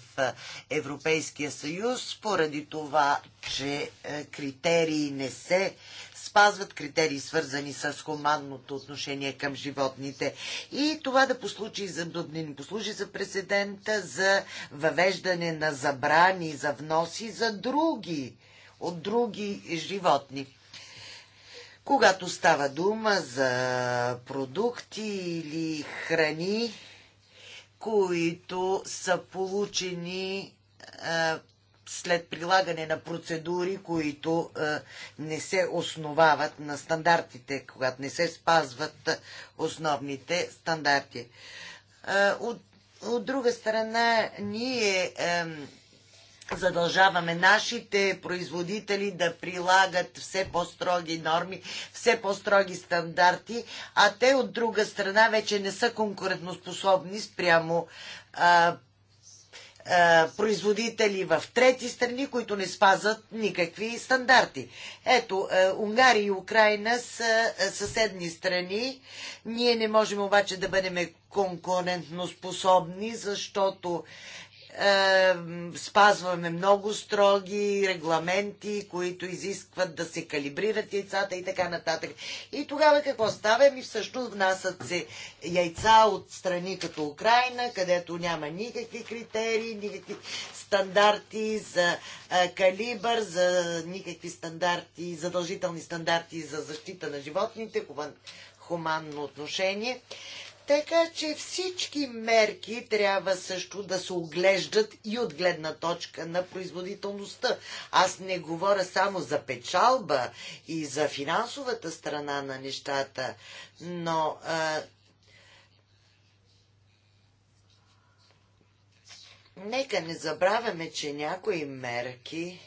Европейския съюз, поради това, че критерии не се спазват критерии, свързани с хуманното отношение към животните. И това да, послужи, за, да ни послужи за прецедента за въвеждане на забрани за вноси за други, от други животни. Когато става дума за продукти или храни, които са получени след прилагане на процедури, които е, не се основават на стандартите, когато не се спазват е, основните стандарти. Е, от, от друга страна, ние задължаваме нашите производители да прилагат все по-строги норми, все по-строги стандарти, а те от друга страна вече не са конкурентоспособни спрямо а, е, производители в трети страни, които не спазват никакви стандарти. Ето, е, Унгария и Украина са е, съседни страни. Ние не можем обаче да бъдем конкурентноспособни, защото е, спазваме много строги регламенти, които изискват да се калибрират яйцата и така нататък. И тогава какво става? Ми всъщност внасят се яйца от страни като Украина, където няма никакви критерии, никакви стандарти за е, калибър, за никакви стандарти, задължителни стандарти за защита на животните, хуманно отношение. Така че всички мерки трябва също да се оглеждат и от гледна точка на производителността. Аз не говоря само за печалба и за финансовата страна на нещата, но а, нека не забравяме, че някои мерки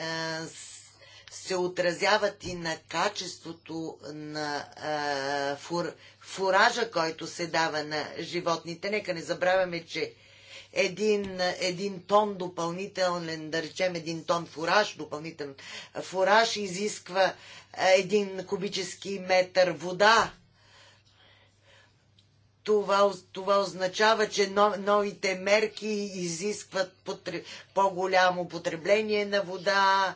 а, се отразяват и на качеството на а, фур, фуража, който се дава на животните. Нека не забравяме, че един, един тон допълнителен, да речем един тон фураж, допълнителен фураж изисква един кубически метър вода. Това, това означава, че новите мерки изискват по-голямо потребление на вода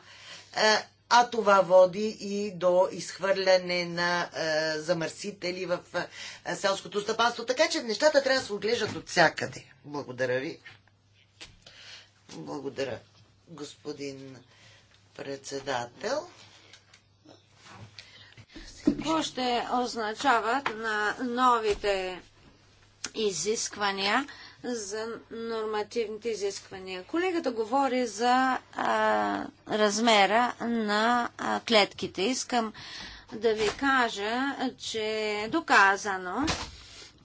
а това води и до изхвърляне на е, замърсители в е, селското стъпанство. Така че нещата трябва да се отглеждат от всякъде. Благодаря ви. Благодаря, господин председател. Какво ще означават на новите изисквания за нормативните изисквания. Колегата говори за а, размера на а, клетките. Искам да ви кажа, че е доказано,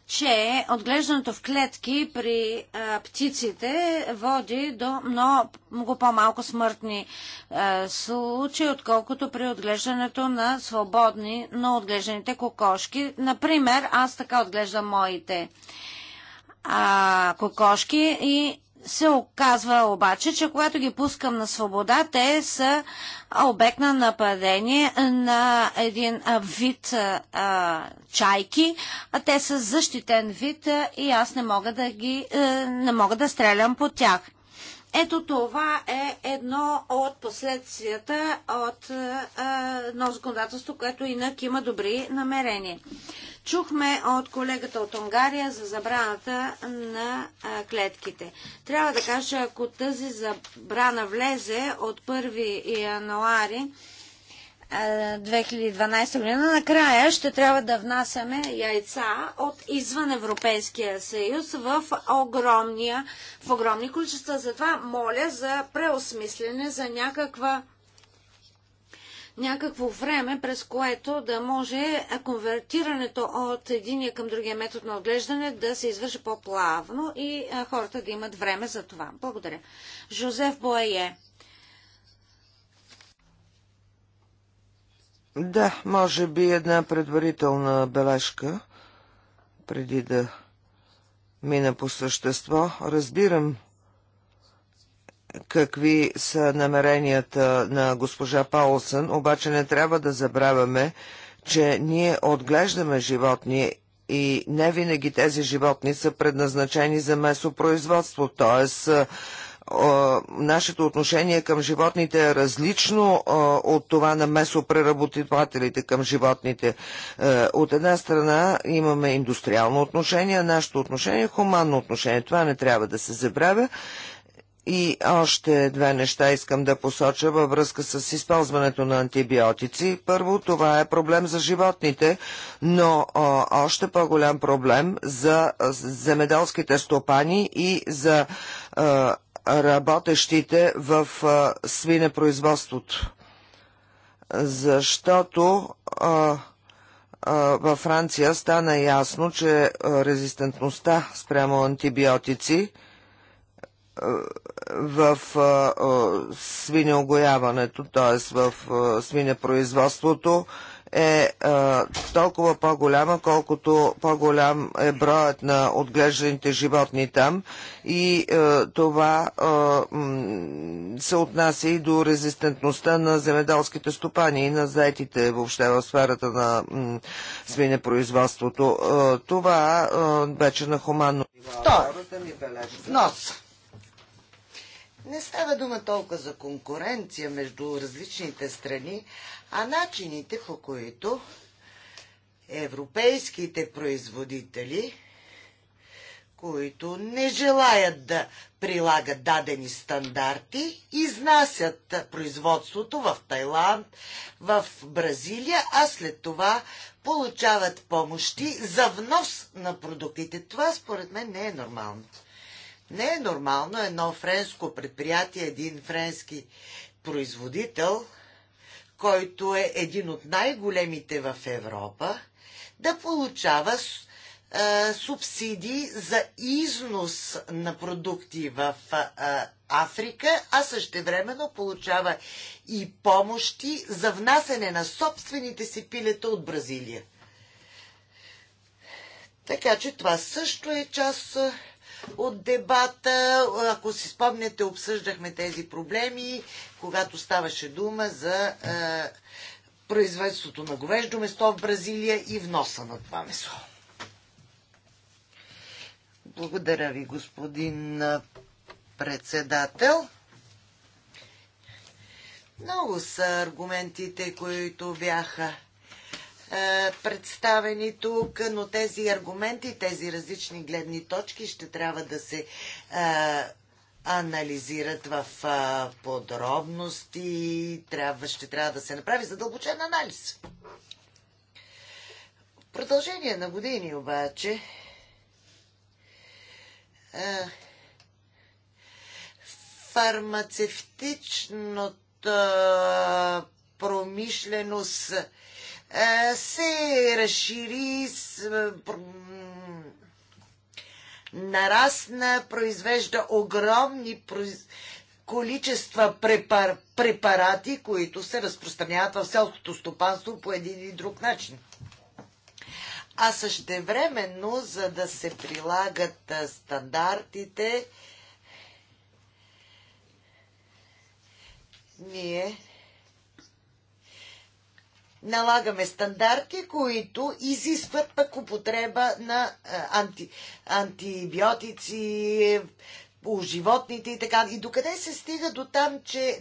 че отглеждането в клетки при а, птиците води до много, много по-малко смъртни а, случаи, отколкото при отглеждането на свободни, но отглежданите кокошки. Например, аз така отглеждам моите. А, а, кокошки и се оказва обаче, че когато ги пускам на свобода, те са обект на нападение на един вид а, чайки, а те са защитен вид а, и аз не мога да ги а, не мога да стрелям по тях. Ето това е едно от последствията от е, е, едно законодателство, което инак има добри намерения. Чухме от колегата от Унгария за забраната на е, клетките. Трябва да кажа, ако тази забрана влезе от 1 януари, 2012 е, година, накрая ще трябва да внасяме яйца от извън Европейския съюз в, огромния, в огромни количества. Затова моля за преосмислене, за някаква някакво време, през което да може конвертирането от единия към другия метод на отглеждане да се извърши по-плавно и е, хората да имат време за това. Благодаря. Жозеф Боае. Да, може би една предварителна бележка, преди да мина по същество. Разбирам какви са намеренията на госпожа Паулсън, обаче не трябва да забравяме, че ние отглеждаме животни и не винаги тези животни са предназначени за месопроизводство, т.е нашето отношение към животните е различно от това на месопреработителите към животните. Е, от една страна имаме индустриално отношение, нашето отношение е хуманно отношение. Това не трябва да се забравя. И още две неща искам да посоча във връзка с използването на антибиотици. Първо, това е проблем за животните, но о, още по-голям проблем за земеделските стопани и за работещите в свинепроизводството. Защото във Франция стана ясно, че резистентността спрямо антибиотици в свинеогояването, т.е. в свинепроизводството, е а, е, толкова по-голяма, колкото по-голям е броят на отглежданите животни там и а, е, това а, е, се отнася и до резистентността на земеделските стопани и на заетите въобще в сферата на свинепроизводството. А, това а, вече на хуманно ниво. Нос. Не става дума толкова за конкуренция между различните страни, а начините по които европейските производители, които не желаят да прилагат дадени стандарти, изнасят производството в Тайланд, в Бразилия, а след това получават помощи за внос на продуктите. Това според мен не е нормално. Не е нормално едно френско предприятие, един френски производител – който е един от най-големите в Европа, да получава е, субсидии за износ на продукти в е, Африка, а същевременно получава и помощи за внасене на собствените си пилета от Бразилия. Така че това също е част е, от дебата. Ако си спомняте, обсъждахме тези проблеми когато ставаше дума за е, производството на говеждо место в Бразилия и вноса на това месо. Благодаря ви, господин е, председател. Много са аргументите, които бяха е, представени тук, но тези аргументи, тези различни гледни точки ще трябва да се Е, анализират в подробности. Трябва, ще трябва да се направи задълбочен анализ. В продължение на години обаче фармацевтичната промишленост се разшири нарасна, произвежда огромни произ... количества препар... препарати, които се разпространяват в селското стопанство по един или друг начин. А същевременно, за да се прилагат стандартите, ние налагаме стандарти, които изискват пък употреба на е, анти, антибиотици по животните и така. И докъде се стига до там, че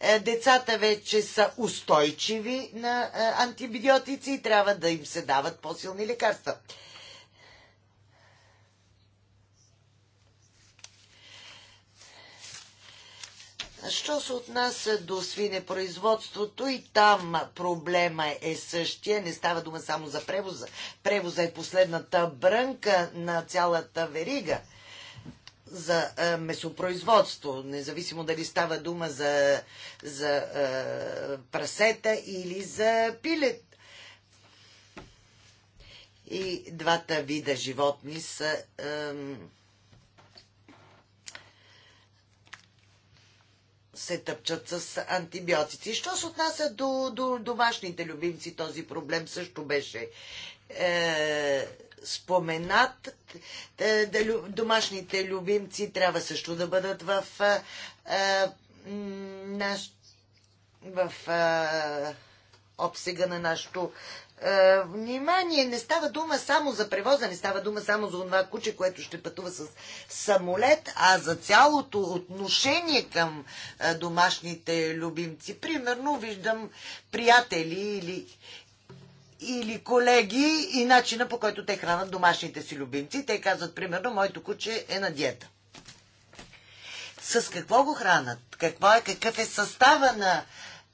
е, децата вече са устойчиви на е, антибиотици и трябва да им се дават по-силни лекарства. Що се отнася до свинепроизводството и там проблема е същия. Не става дума само за превоза. Превоза е последната брънка на цялата верига за а, е, месопроизводство, независимо дали става дума за, за а, е, прасета или за пилет. И двата вида животни са а, се тъпчат с антибиотици. Що се отнася до, до домашните любимци, този проблем също беше е, споменат. Е, да, домашните любимци трябва също да бъдат в е, е наш, в е, обсега на нашото е, внимание, не става дума само за превоза, не става дума само за това куче, което ще пътува с самолет, а за цялото отношение към е, домашните любимци. Примерно виждам приятели или, или колеги и начина по който те хранат домашните си любимци. Те казват, примерно, моето куче е на диета. С какво го хранат? Какво е, какъв е състава на,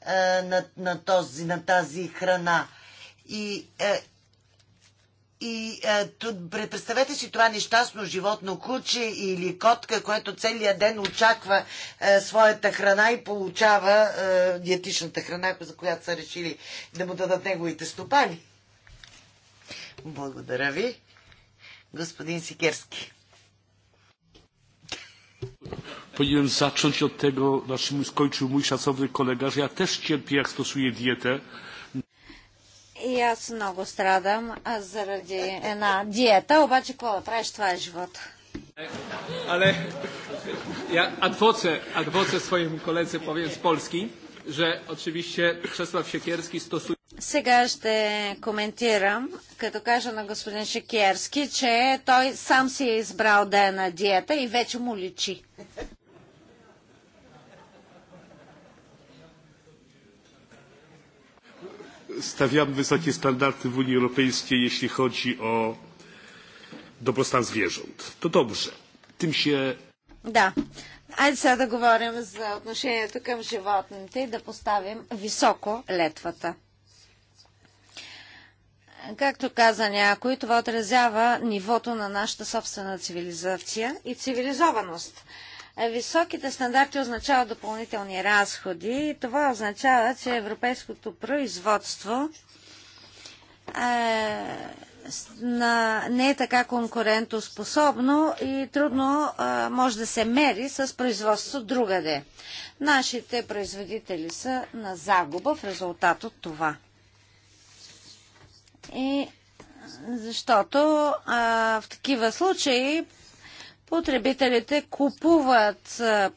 е, на, на, този, на тази храна? И, е, и е, тут, представете си това нещастно животно, куче или котка, което целият ден очаква е, своята храна и получава е, диетичната храна, за която са решили да му дадат неговите стопани. Благодаря ви, господин Сикерски. Powinienem zacząć od tego, na czym skończył mój szacowny kolega, że ja też cierpię, jak stosuję dietę. И аз много страдам аз заради една диета, обаче какво да правиш, това е живот. Ale ja adwocę, adwocę swoim koledze powiem z Polski, że oczywiście Czesław Siekierski stosuje... Сега ще коментирам, като кажа на господин Шекерски, че той сам си е избрал да е на диета и вече му личи. stawiamy wysokie standardy w Unii Europejskiej, jeśli chodzi o dobrostan zwierząt. To dobrze. Tym się. Да. Айде сега да говорим за отношението към животните и да поставим високо летвата. Както каза някой, това отразява нивото на нашата собствена цивилизация и цивилизованост. Е, високите стандарти означават допълнителни разходи. Това означава, че европейското производство е, не е така конкурентоспособно и трудно е, може да се мери с производство другаде. Нашите производители са на загуба в резултат от това. И е, защото а, в такива случаи потребителите купуват а,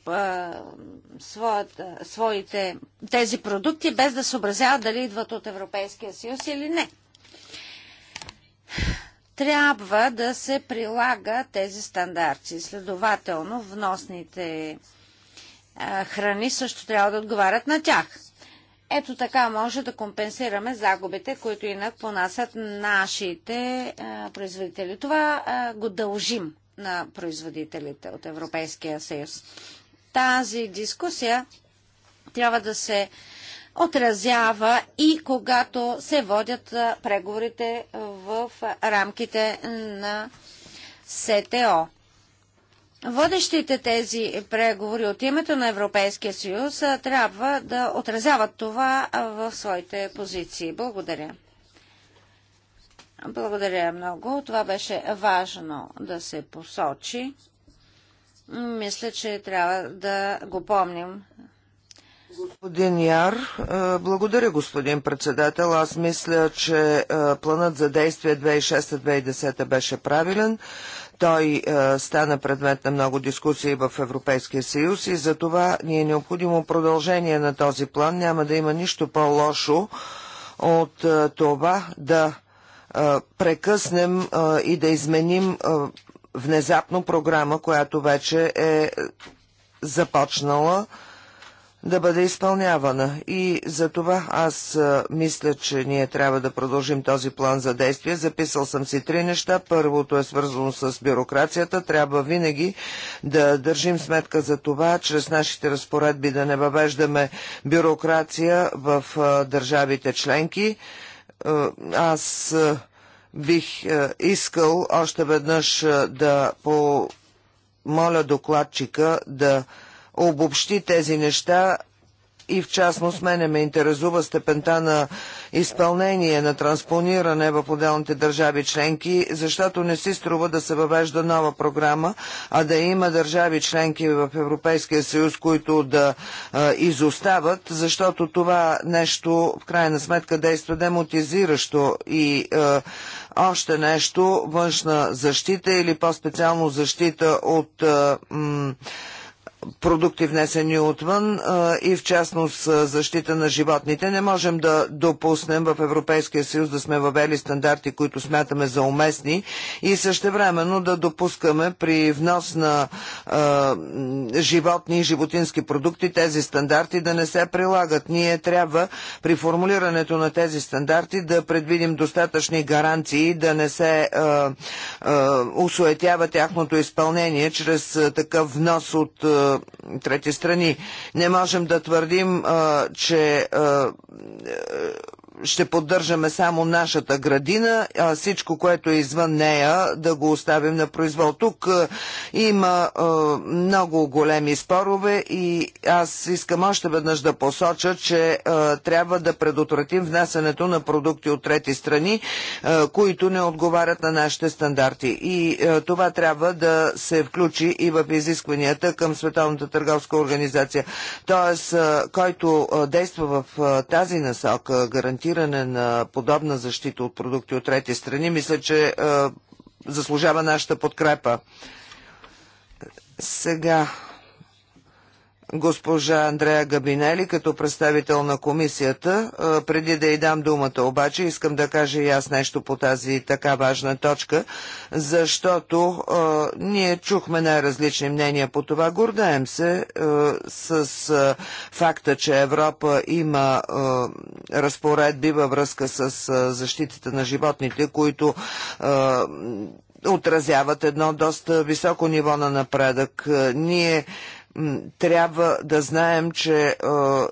своята, своите тези продукти без да съобразяват дали идват от Европейския съюз или не. Трябва да се прилага тези стандарти. Следователно, вносните а, храни също трябва да отговарят на тях. Ето така може да компенсираме загубите, които инак понасят нашите а, производители. Това а, го дължим на производителите от Европейския съюз. Тази дискусия трябва да се отразява и когато се водят преговорите в рамките на СТО. Водещите тези преговори от името на Европейския съюз трябва да отразяват това в своите позиции. Благодаря. Благодаря много. Това беше важно да се посочи. Мисля, че трябва да го помним. Господин Яр, е, благодаря господин председател. Аз мисля, че е, планът за действие 2006-2010 беше правилен. Той е, стана предмет на много дискусии в Европейския съюз и за това ни е необходимо продължение на този план. Няма да има нищо по-лошо от е, това да прекъснем и да изменим внезапно програма, която вече е започнала да бъде изпълнявана. И за това аз а, мисля, че ние трябва да продължим този план за действие. Записал съм си три неща. Първото е свързано с бюрокрацията. Трябва винаги да държим сметка за това, чрез нашите разпоредби да не въвеждаме бюрокрация в а, държавите членки. Е, аз е, бих е, искал още веднъж да помоля докладчика да обобщи тези неща и в частност мене ме интересува степента на изпълнение на транспониране в отделните държави членки, защото не си струва да се въвежда нова програма, а да има държави членки в Европейския съюз, които да а, изостават, защото това нещо в крайна сметка действа демотизиращо и а, още нещо, външна защита или по-специално защита от а, продукти внесени отвън и в частност защита на животните. Не можем да допуснем в Европейския съюз да сме въвели стандарти, които смятаме за уместни и същевременно да допускаме при внос на животни и животински продукти тези стандарти да не се прилагат. Ние трябва при формулирането на тези стандарти да предвидим достатъчни гаранции да не се е, усуетява тяхното изпълнение чрез такъв внос от трети страни. Не можем да твърдим, че ще поддържаме само нашата градина, а всичко, което е извън нея, да го оставим на произвол. Тук има много големи спорове и аз искам още веднъж да посоча, че трябва да предотвратим внасянето на продукти от трети страни, които не отговарят на нашите стандарти. И това трябва да се включи и в изискванията към Световната търговска организация. Тоест, който действа в тази насока, гарантира гарантиране на подобна защита от продукти от трети страни, мисля, че е, заслужава нашата подкрепа. Сега госпожа Андрея Габинели като представител на комисията. Преди да й дам думата обаче, искам да кажа и аз нещо по тази така важна точка, защото е, ние чухме най-различни мнения по това. Гордаем се е, с е, факта, че Европа има разпоредби във връзка с защитата на животните, които отразяват едно доста високо ниво на напредък. Ние трябва да знаем, че е,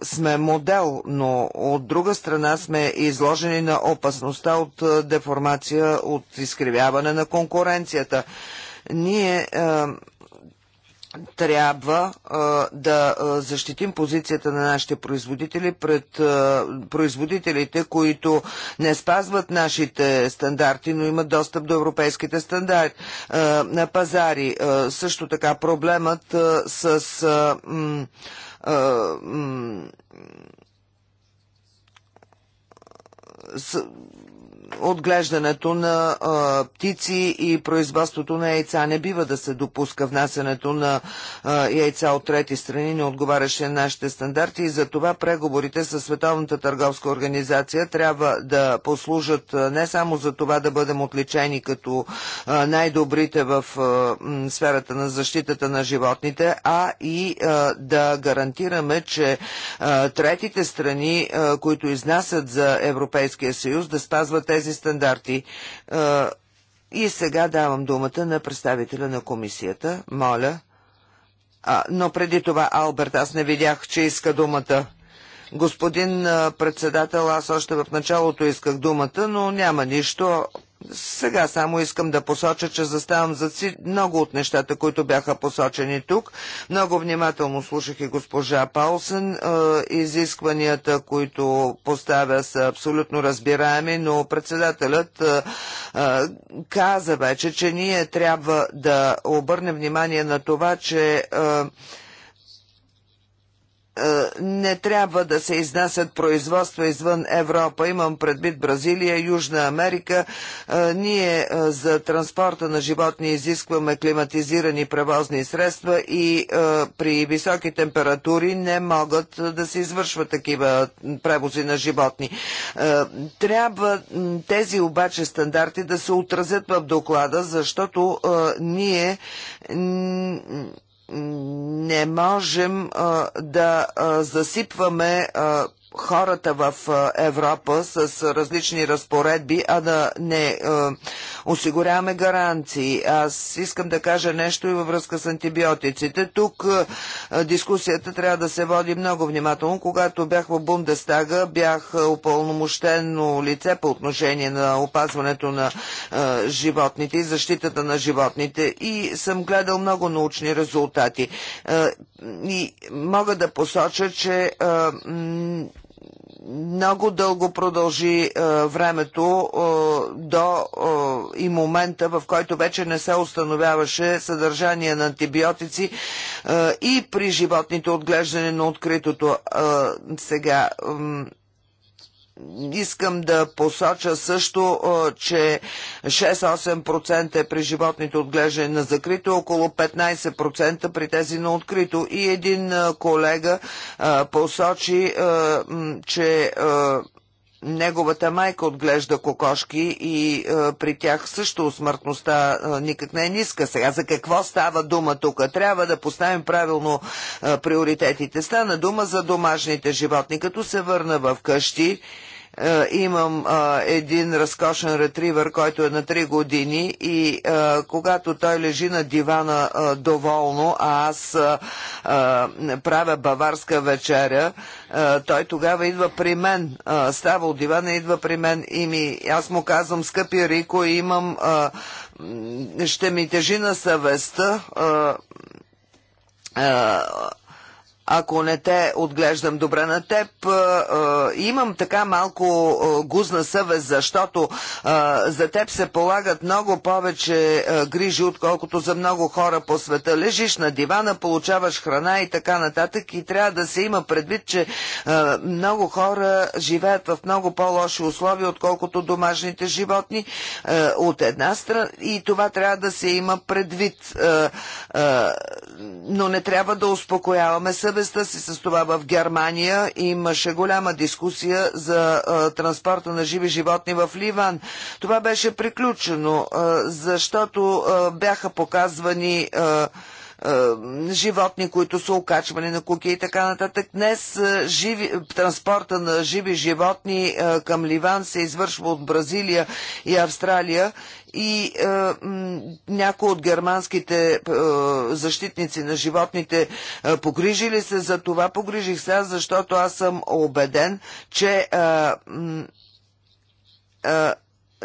сме модел, но от друга страна сме изложени на опасността от е, деформация, от изкривяване на конкуренцията. Ние е, трябва а, да защитим позицията на нашите производители пред а, производителите, които не спазват нашите стандарти, но имат достъп до европейските стандарти а, на пазари. А, също така проблемът а, с. А, м, а, м, с отглеждането на а, птици и производството на яйца. Не бива да се допуска внасянето на а, яйца от трети страни, не отговаряше на нашите стандарти и за това преговорите с Световната търговска организация трябва да послужат не само за това да бъдем отличени като най-добрите в а, сферата на защитата на животните, а и а, да гарантираме, че а, третите страни, които изнасят за Европейския съюз, да спазват тези тези стандарти. И сега давам думата на представителя на комисията. Моля. А, но преди това, Алберт, аз не видях, че иска думата. Господин председател, аз още в началото исках думата, но няма нищо. Сега само искам да посоча, че заставам за си много от нещата, които бяха посочени тук. Много внимателно слушах и госпожа Паулсен. Е, изискванията, които поставя, са абсолютно разбираеми, но председателят е, е, каза вече, че ние трябва да обърнем внимание на това, че е, не трябва да се изнасят производства извън Европа. Имам предвид Бразилия, Южна Америка. Е, ние е, за транспорта на животни изискваме климатизирани превозни средства и при високи температури не могат да се извършват такива превози на животни. Трябва тези обаче стандарти да се отразят в доклада, защото ние не можем а, да а, засипваме а, хората в Европа с различни разпоредби, а да не е, осигуряваме гаранции. Аз искам да кажа нещо и във връзка с антибиотиците. Тук е, дискусията трябва да се води много внимателно. Когато бях в Бундестага, бях упълномощено лице по отношение на опазването на е, животните и защитата на животните и съм гледал много научни резултати. Е, и мога да посоча, че е, много дълго продължи е, времето е, до е, и момента, в който вече не се установяваше съдържание на антибиотици е, и при животните отглеждане на откритото. Е, сега. Е, Искам да посоча също, че 6-8% е при животните отглеждане на закрито, около 15% при тези на открито. И един колега посочи, че неговата майка отглежда кокошки и е, при тях също смъртността е, никак не е ниска. Сега за какво става дума тук? Трябва да поставим правилно е, приоритетите. Стана дума за домашните животни. Като се върна в къщи, е, е, имам а, е, един разкошен ретривър, който е на 3 години и а, е, когато той лежи на дивана а, доволно, а аз а, а, правя баварска вечеря, а, той тогава идва при мен. А, става от дивана, идва при мен и ми, аз му казвам, скъпи Рико, имам, а, ще ми тежи на съвестта. А, а ако не те отглеждам добре на теб. Имам така малко гузна съвест, защото за теб се полагат много повече грижи, отколкото за много хора по света. Лежиш на дивана, получаваш храна и така нататък и трябва да се има предвид, че много хора живеят в много по-лоши условия, отколкото домашните животни от една страна и това трябва да се има предвид. Но не трябва да успокояваме съвест съвестта си с това в Германия. Имаше голяма дискусия за а, транспорта на живи животни в Ливан. Това беше приключено, а, защото а, бяха показвани а, е, животни, които са окачвани на куки и така нататък. Днес е, живи, транспорта на живи животни е, към Ливан се извършва от Бразилия и Австралия и е, някои от германските е, защитници на животните е, погрижили се за това. Погрижих се, защото аз съм убеден, че е, е,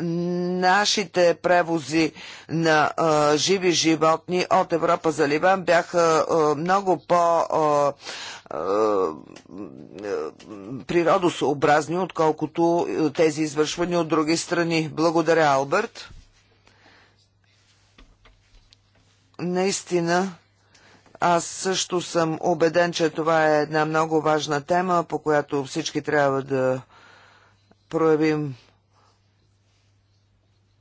нашите превози на а, живи животни от Европа за Ливан бяха а, много по а, а, природосъобразни, отколкото тези извършвани от други страни. Благодаря, Алберт. Наистина, аз също съм убеден, че това е една много важна тема, по която всички трябва да проявим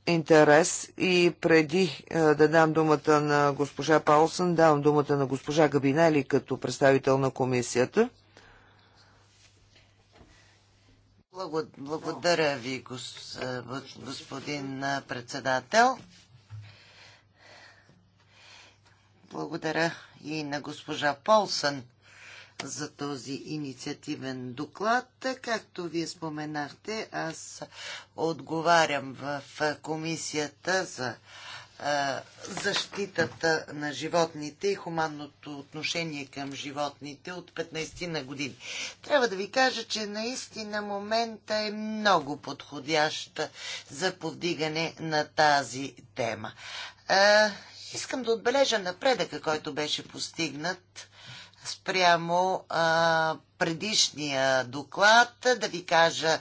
интерес и преди е, да дам думата на госпожа Паулсън, давам думата на госпожа Габинели като представител на комисията. Благодаря ви, е, господин е, председател. Благодаря и на госпожа Полсън за този инициативен доклад. Както вие споменахте, аз отговарям в комисията за защитата на животните и хуманното отношение към животните от 15 на години. Трябва да ви кажа, че наистина момента е много подходяща за повдигане на тази тема. Искам да отбележа напредъка, който беше постигнат спрямо а, предишния доклад, да ви кажа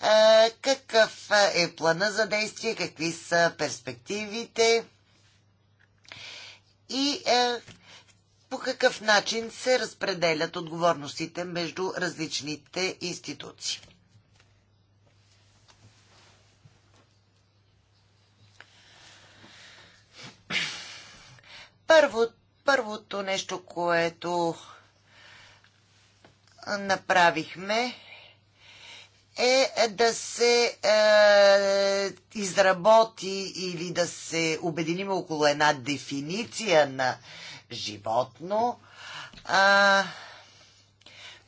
а, какъв е плана за действие, какви са перспективите и а, по какъв начин се разпределят отговорностите между различните институции. Първо Първото нещо, което направихме, е да се е, изработи или да се обединим около една дефиниция на животно. А,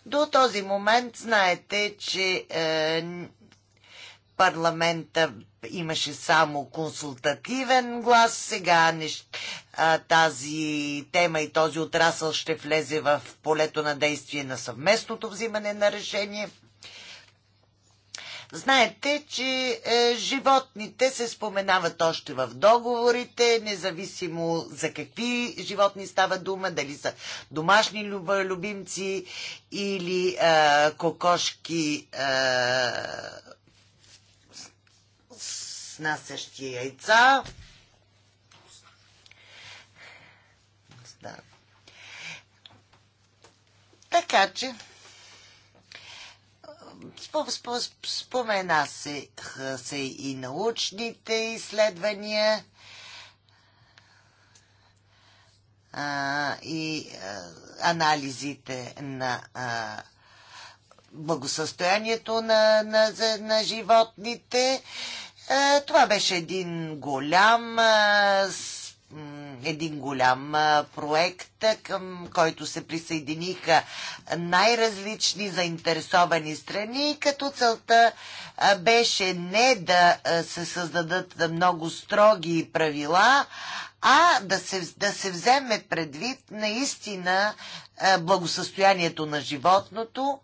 до този момент знаете, че е, парламента имаше само консултативен глас, сега тази тема и този отрасъл ще влезе в полето на действие на съвместното взимане на решение. Знаете, че е, животните се споменават още в договорите, независимо за какви животни става дума, дали са домашни любимци или е, кокошки. Е, снасящи яйца. Да. Така че, спомена се, се и научните изследвания а, и а, анализите на а, благосъстоянието на, на, на животните. А, е, това беше един голям е, един голям е, проект, към който се присъединиха най-различни заинтересовани страни, като целта беше не да се създадат много строги правила, а да се, да се вземе предвид наистина благосъстоянието на животното,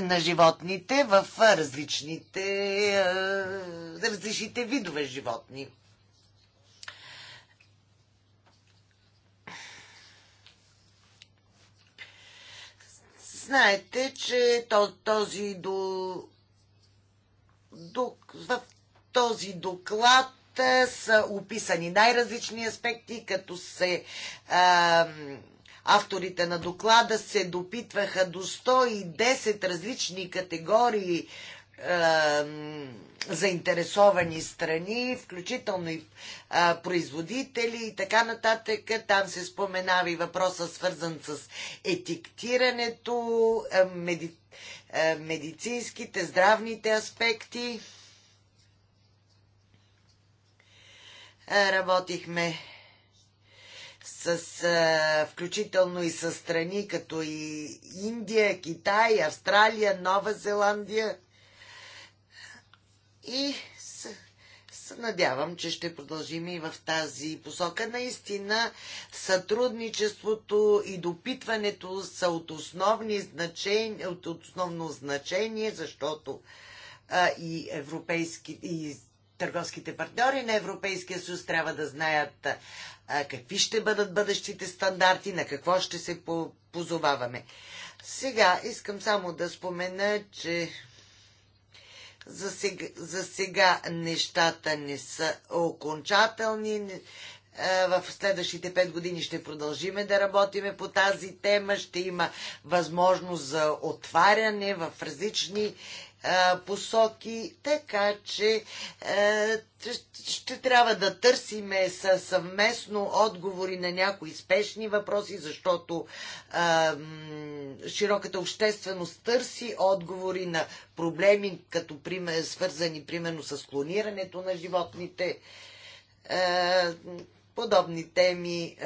на животните в различните, различните видове животни. Знаете, че този до, до, в този доклад са описани най-различни аспекти, като се а, авторите на доклада се допитваха до 110 различни категории е, заинтересовани страни, включително и е, производители и така нататък. Там се споменава и въпроса свързан с етиктирането, е, меди, е, медицинските, здравните аспекти. работихме с, а, включително и с страни като и Индия, Китай, Австралия, Нова Зеландия. И с, с, надявам, че ще продължим и в тази посока. Наистина, сътрудничеството и допитването са от, основни значения, от основно значение, защото а, и европейски, и търговските партньори на Европейския съюз трябва да знаят а, какви ще бъдат бъдещите стандарти, на какво ще се по позоваваме. Сега искам само да спомена, че за сега, за сега нещата не са окончателни. В следващите 5 години ще продължиме да работиме по тази тема. Ще има възможност за отваряне в различни посоки, така че ще трябва да търсиме съвместно отговори на някои спешни въпроси, защото а, широката общественост търси отговори на проблеми, като свързани примерно с клонирането на животните. А, подобни теми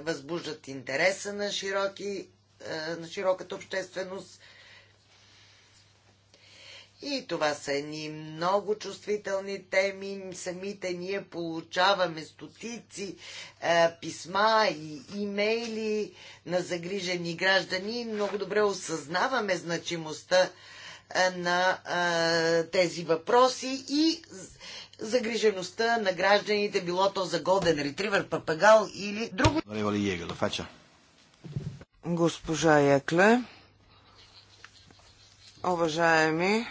възбуждат интереса на, широки, на широката общественост и това са едни много чувствителни теми. Самите ние получаваме стотици е, писма и имейли на загрижени граждани. Много добре осъзнаваме значимостта е, на е, тези въпроси и загрижеността на гражданите, било то за голден ретривър, папагал или друго. Госпожа Якле. Уважаеми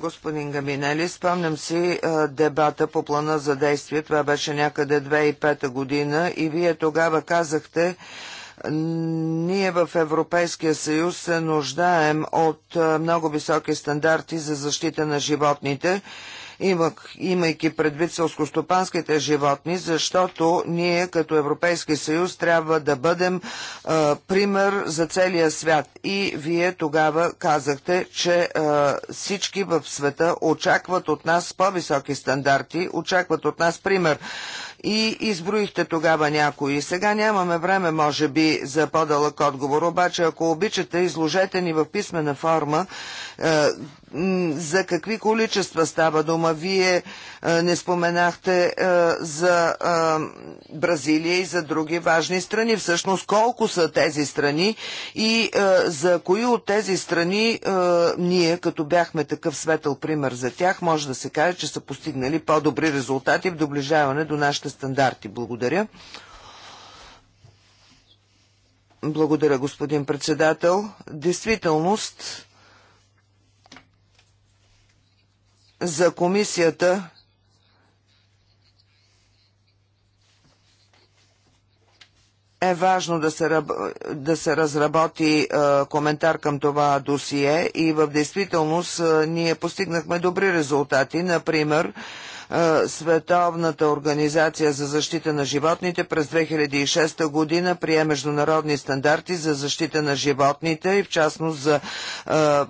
господин Гаминели, спомням си дебата по плана за действие. Това беше някъде 2005 година и вие тогава казахте, ние в Европейския съюз се нуждаем от много високи стандарти за защита на животните имайки предвид селскостопанските животни, защото ние като Европейски съюз трябва да бъдем а, пример за целия свят. И вие тогава казахте, че а, всички в света очакват от нас по-високи стандарти, очакват от нас пример и изброихте тогава някои. Сега нямаме време, може би, за по-дълъг отговор, обаче ако обичате, изложете ни в писмена форма за какви количества става дума? Вие е, не споменахте е, за е, Бразилия и за други важни страни. Всъщност колко са тези страни и за кои от тези страни ние, като бяхме такъв светъл пример за тях, може да се каже, че са постигнали по-добри резултати в доближаване до нашите стандарти. Благодаря. Благодаря, господин председател. Действителност, за комисията е важно да се, да се разработи е, коментар към това досие и в действителност е, ние постигнахме добри резултати. Например, Световната организация за защита на животните през 2006 година прие международни стандарти за защита на животните и в частност за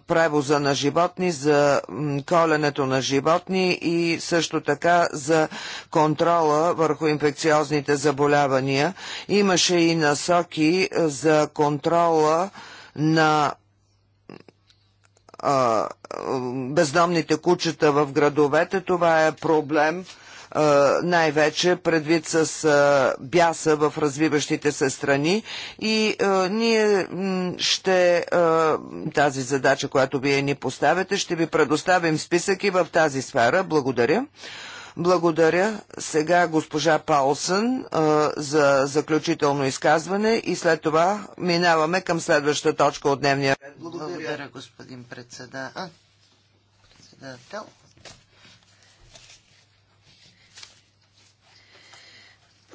превоза на животни, за коленето на животни и също така за контрола върху инфекциозните заболявания. Имаше и насоки за контрола на бездомните кучета в градовете. Това е проблем най-вече предвид с бяса в развиващите се страни и а, ние ще а, тази задача, която вие ни поставяте, ще ви предоставим списък и в тази сфера. Благодаря. Благодаря сега госпожа Паулсън за заключително изказване и след това минаваме към следващата точка от дневния ред. Благодаря. Благодаря, господин председа... а, председател.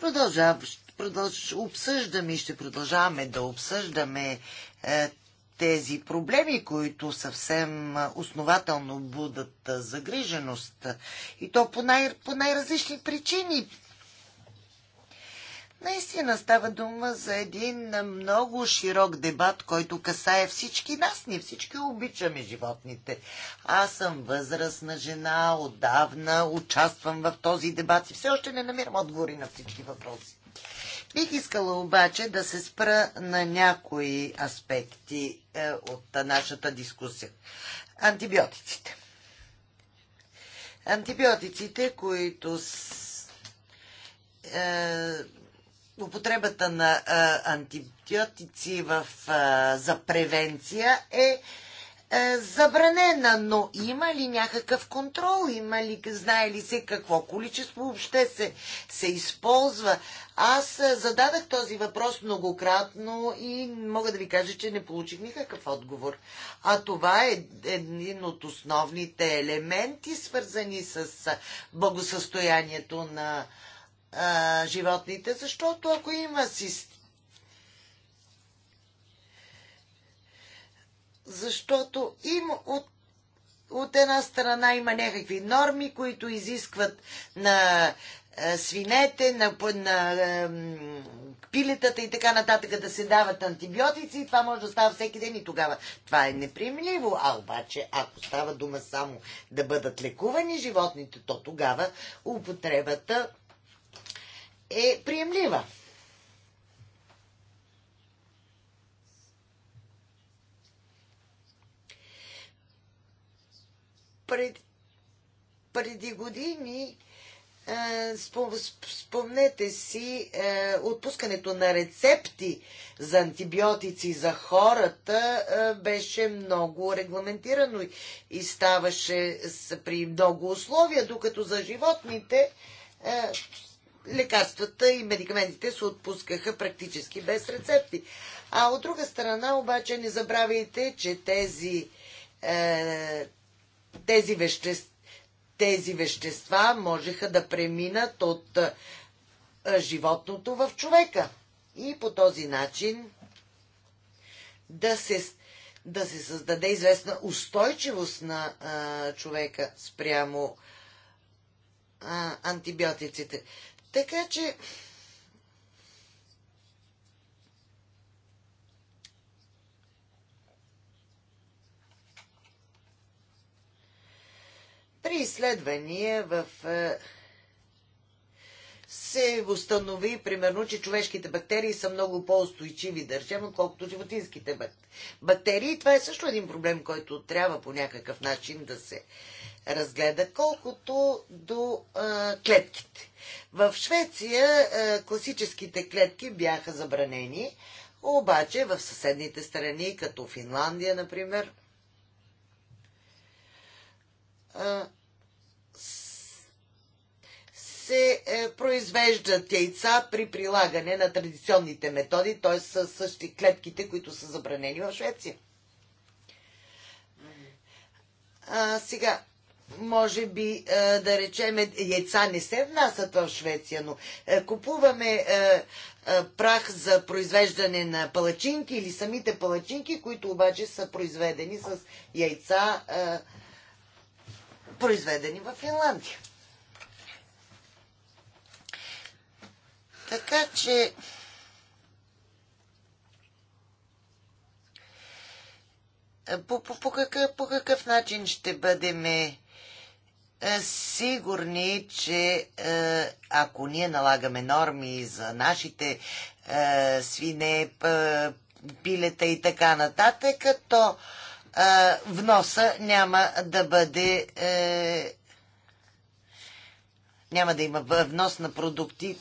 Продължаваме продълж, обсъждаме и ще продължаваме да обсъждаме е, тези проблеми, които съвсем основателно будат загриженост. И то по, най- по най-различни причини. Наистина става дума за един много широк дебат, който касае всички нас. Ние всички обичаме животните. Аз съм възрастна жена, отдавна участвам в този дебат и все още не намирам отговори на всички въпроси. Бих искала обаче да се спра на някои аспекти е, от нашата дискусия. Антибиотиците. Антибиотиците, които с, е, употребата на е, антибиотици в, е, за превенция е е, забранена, но има ли някакъв контрол? Има ли, знае ли се какво количество въобще се, се използва? Аз е, зададах този въпрос многократно и мога да ви кажа, че не получих никакъв отговор. А това е един от основните елементи, свързани с благосъстоянието на а, е, животните, защото ако има система, защото има от от една страна има някакви норми, които изискват на е, свинете, на, на е, пилетата и така нататък да се дават антибиотици и това може да става всеки ден и тогава това е неприемливо. А обаче, ако става дума само да бъдат лекувани животните, то тогава употребата е приемлива. пред, преди години е, спомнете си е, отпускането на рецепти за антибиотици за хората е, беше много регламентирано и ставаше при много условия, докато за животните лекарствата и медикаментите се отпускаха практически без рецепти. А от друга страна обаче не забравяйте, че тези тези вещества, тези вещества можеха да преминат от животното в човека. И по този начин да се, да се създаде известна устойчивост на а, човека спрямо а, антибиотиците. Така че При изследвания в е, се установи, примерно, че човешките бактерии са много по-устойчиви, да речем, отколкото животинските бактерии. Това е също един проблем, който трябва по някакъв начин да се разгледа, колкото до а, е, клетките. В Швеция а, е, класическите клетки бяха забранени, обаче в съседните страни, като Финландия, например, се е, произвеждат яйца при прилагане на традиционните методи, т.е. с същи клетките, които са забранени в Швеция. А, сега, може би е, да речем, яйца не се внасят в Швеция, но е, купуваме прах за произвеждане на палачинки или самите палачинки, които обаче са произведени с яйца произведени в Финландия. Така че по, по, по, какъв, по какъв начин ще бъдеме сигурни, че е, ако ние налагаме норми за нашите е, свине, пилета и така нататък, то вноса няма да бъде е, няма да има внос на продукти,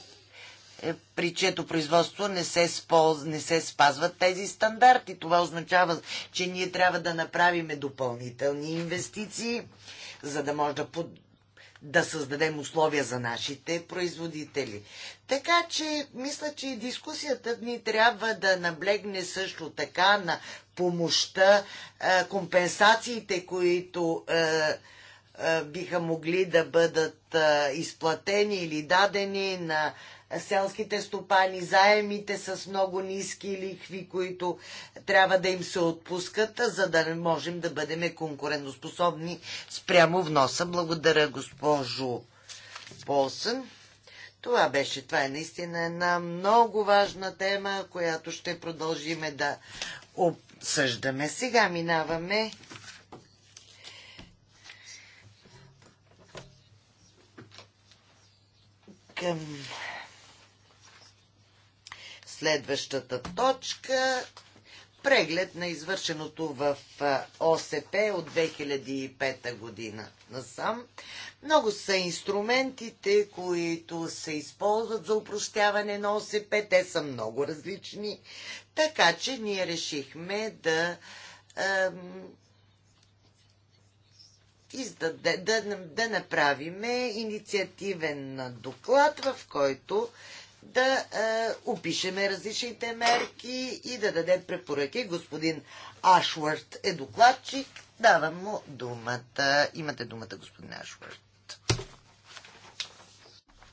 е, при чието производство не се, сполз, не се спазват тези стандарти. Това означава, че ние трябва да направим допълнителни инвестиции, за да може да, под, да създадем условия за нашите производители. Така че, мисля, че дискусията ни трябва да наблегне също така на помощта, е, компенсациите, които е, е, биха могли да бъдат изплатени или дадени на селските стопани, заемите с много ниски лихви, които трябва да им се отпускат, за да не можем да бъдем конкурентоспособни спрямо вноса. Благодаря, госпожо Полсън. Това беше, това е наистина една много важна тема, която ще продължиме да обсъждаме. Сега минаваме към следващата точка преглед на извършеното в ОСП от 2005 година насам. Много са инструментите, които се използват за упростяване на ОСП. Те са много различни. Така че ние решихме да ем, издаде, да, да направиме инициативен доклад, в който да е, опишеме различните мерки и да дадем препоръки. Господин Ашвард е докладчик. Давам му думата. Имате думата, господин Ашвард.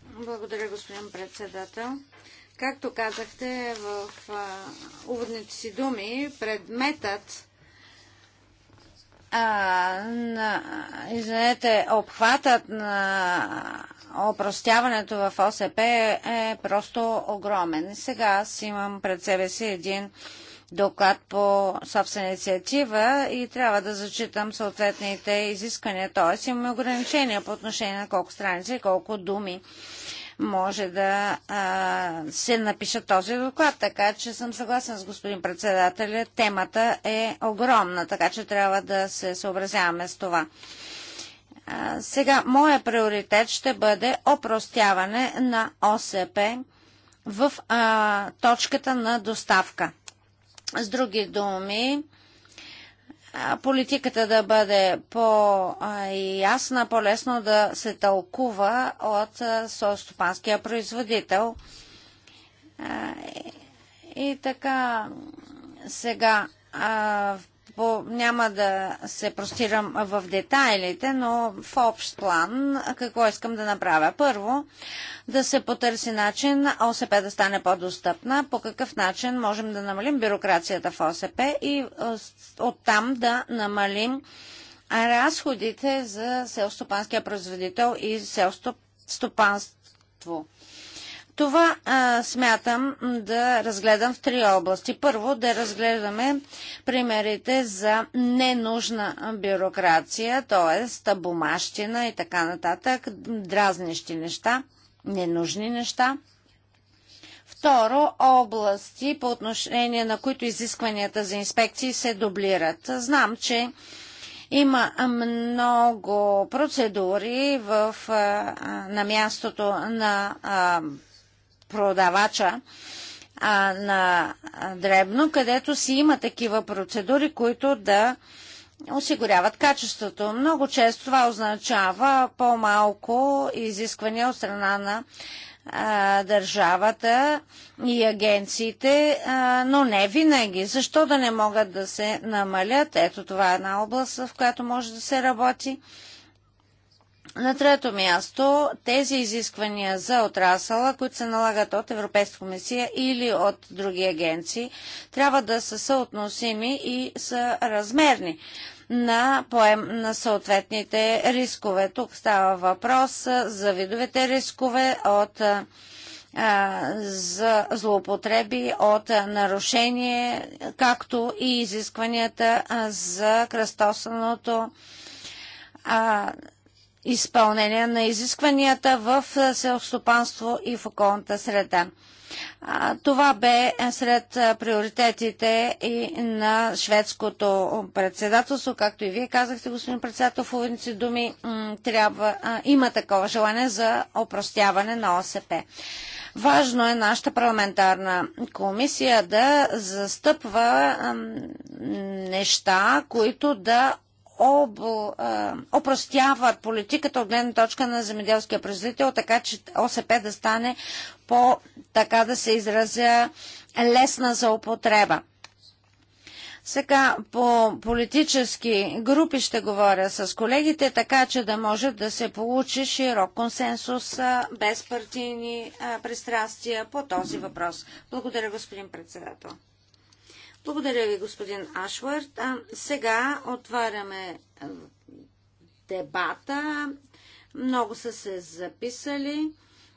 Благодаря, господин председател. Както казахте в а, уводните си думи, предметът а, на, извинете, обхватът на опростяването в ОСП е просто огромен. Сега аз имам пред себе си един доклад по собствена инициатива и трябва да зачитам съответните изисквания. Т.е. имаме ограничения по отношение на колко страници и колко думи може да а, се напише този доклад. Така че съм съгласен с господин председателя. Темата е огромна, така че трябва да се съобразяваме с това. А, сега, моя приоритет ще бъде опростяване на ОСП в а, точката на доставка. С други думи, политиката да бъде по-ясна, по-лесно да се тълкува от стопанския производител. И така сега по, няма да се простирам в детайлите, но в общ план какво искам да направя. Първо, да се потърси начин ОСП да стане по-достъпна, по какъв начин можем да намалим бюрокрацията в ОСП и е, оттам да намалим разходите за селстопанския производител и селстопанство. Това а, смятам да разгледам в три области. Първо да разгледаме примерите за ненужна бюрокрация, т.е. бумащина и така нататък, дразнещи неща, ненужни неща. Второ, области по отношение на които изискванията за инспекции се дублират. Знам, че има много процедури в, на мястото на продавача а, на дребно, където си има такива процедури, които да осигуряват качеството. Много често това означава по-малко изисквания от страна на а, държавата и агенциите, а, но не винаги. Защо да не могат да се намалят? Ето това е една област, в която може да се работи. На трето място, тези изисквания за отрасъла, които се налагат от Европейска комисия или от други агенции, трябва да са съотносими и са размерни на поем на съответните рискове. Тук става въпрос за видовете рискове от за злоупотреби от нарушение, както и изискванията за кръстосаното изпълнение на изискванията в селстопанство и в околната среда. Това бе сред приоритетите и на шведското председателство. Както и вие казахте, господин председател, в уведници думи трябва, има такова желание за опростяване на ОСП. Важно е нашата парламентарна комисия да застъпва неща, които да об, а, опростяват политиката от гледна точка на земеделския производител, така че ОСП да стане по, така да се изразя, лесна за употреба. Сега по политически групи ще говоря с колегите, така че да може да се получи широк консенсус без партийни пристрастия по този въпрос. Благодаря, господин председател. Благодаря ви, господин Ашвард. А, сега отваряме дебата. Много са се записали,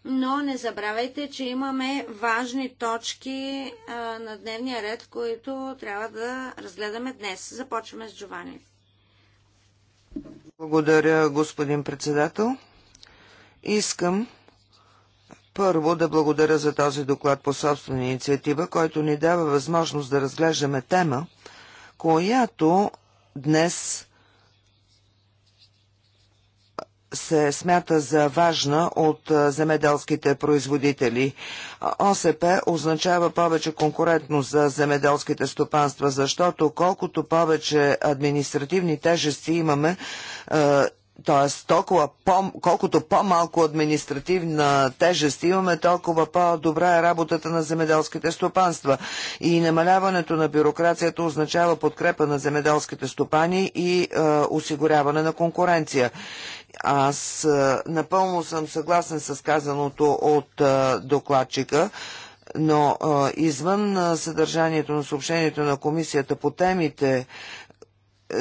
но не забравяйте, че имаме важни точки а, на дневния ред, които трябва да разгледаме днес. Започваме с Джовани. Благодаря, господин председател. Искам първо да благодаря за този доклад по собствена инициатива, който ни дава възможност да разглеждаме тема, която днес се смята за важна от земеделските производители. ОСП означава повече конкурентност за земеделските стопанства, защото колкото повече административни тежести имаме т.е. толкова по, колкото по-малко административна тежест имаме, толкова по-добра е работата на земеделските стопанства. И намаляването на бюрокрацията означава подкрепа на земеделските стопани и е, осигуряване на конкуренция. Аз е, напълно съм съгласен с казаното от е, докладчика но е, извън е, съдържанието на съобщението на комисията по темите,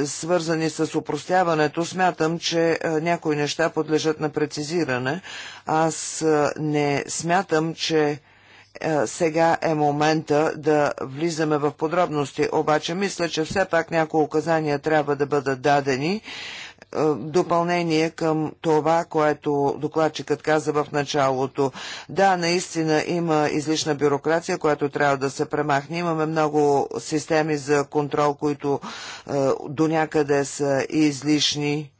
свързани с упростяването, смятам, че някои неща подлежат на прецизиране. Аз не смятам, че сега е момента да влизаме в подробности, обаче мисля, че все пак някои указания трябва да бъдат дадени е, допълнение към това, което докладчикът каза в началото. Да, наистина има излишна бюрокрация, която трябва да се премахне. Имаме много системи за контрол, които е, до някъде са излишни.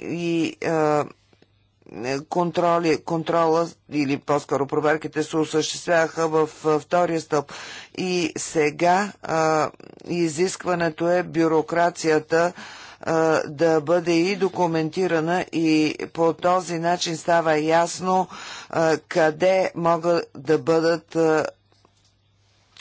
И е, контроли, контрола или по-скоро проверките се осъществяваха в е, втория стъп. И сега а, е, изискването е бюрокрацията а, да бъде и документирана и по този начин става ясно къде могат да бъдат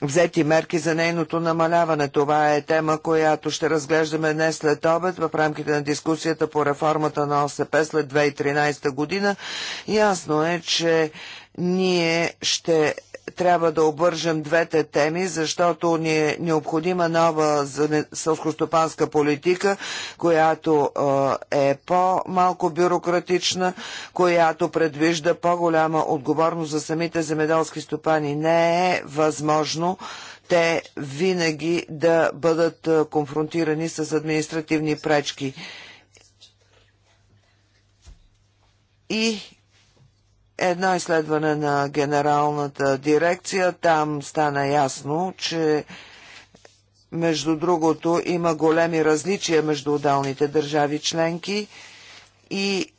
взети мерки за нейното намаляване. Това е тема, която ще разглеждаме днес след обед в рамките на дискусията по реформата на ОСП след 2013 година. Ясно е, че ние ще трябва да обържем двете теми, защото ни е необходима нова сълскостопанска политика, която е по-малко бюрократична, която предвижда по-голяма отговорност за самите земеделски стопани. Не е възможно те винаги да бъдат конфронтирани с административни пречки. И едно изследване на генералната дирекция. Там стана ясно, че между другото има големи различия между отдалните държави членки и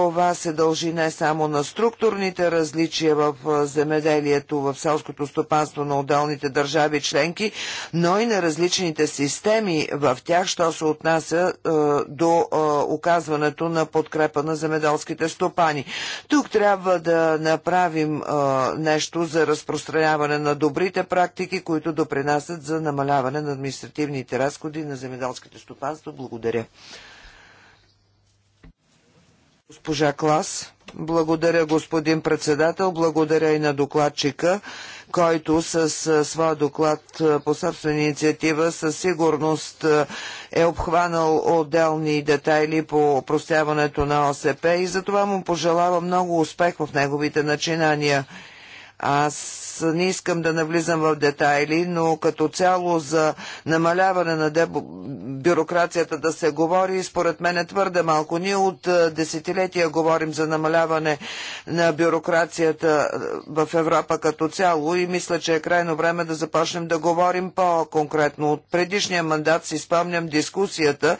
това се дължи не само на структурните различия в земеделието, в селското стопанство на отделните държави членки, но и на различните системи в тях, що се отнася е, до е, оказването на подкрепа на земеделските стопани. Тук трябва да направим е, нещо за разпространяване на добрите практики, които допринасят за намаляване на административните разходи на земеделските стопанства. Благодаря. Госпожа Клас, благодаря господин председател, благодаря и на докладчика, който с своя доклад по собствена инициатива със сигурност е обхванал отделни детайли по простяването на ОСП и затова му пожелава много успех в неговите начинания. Аз не искам да навлизам в детайли, но като цяло за намаляване на деб... бюрокрацията да се говори, според мен е твърде малко. Ние от десетилетия говорим за намаляване на бюрокрацията в Европа като цяло и мисля, че е крайно време да започнем да говорим по-конкретно. От предишния мандат си спомням дискусията,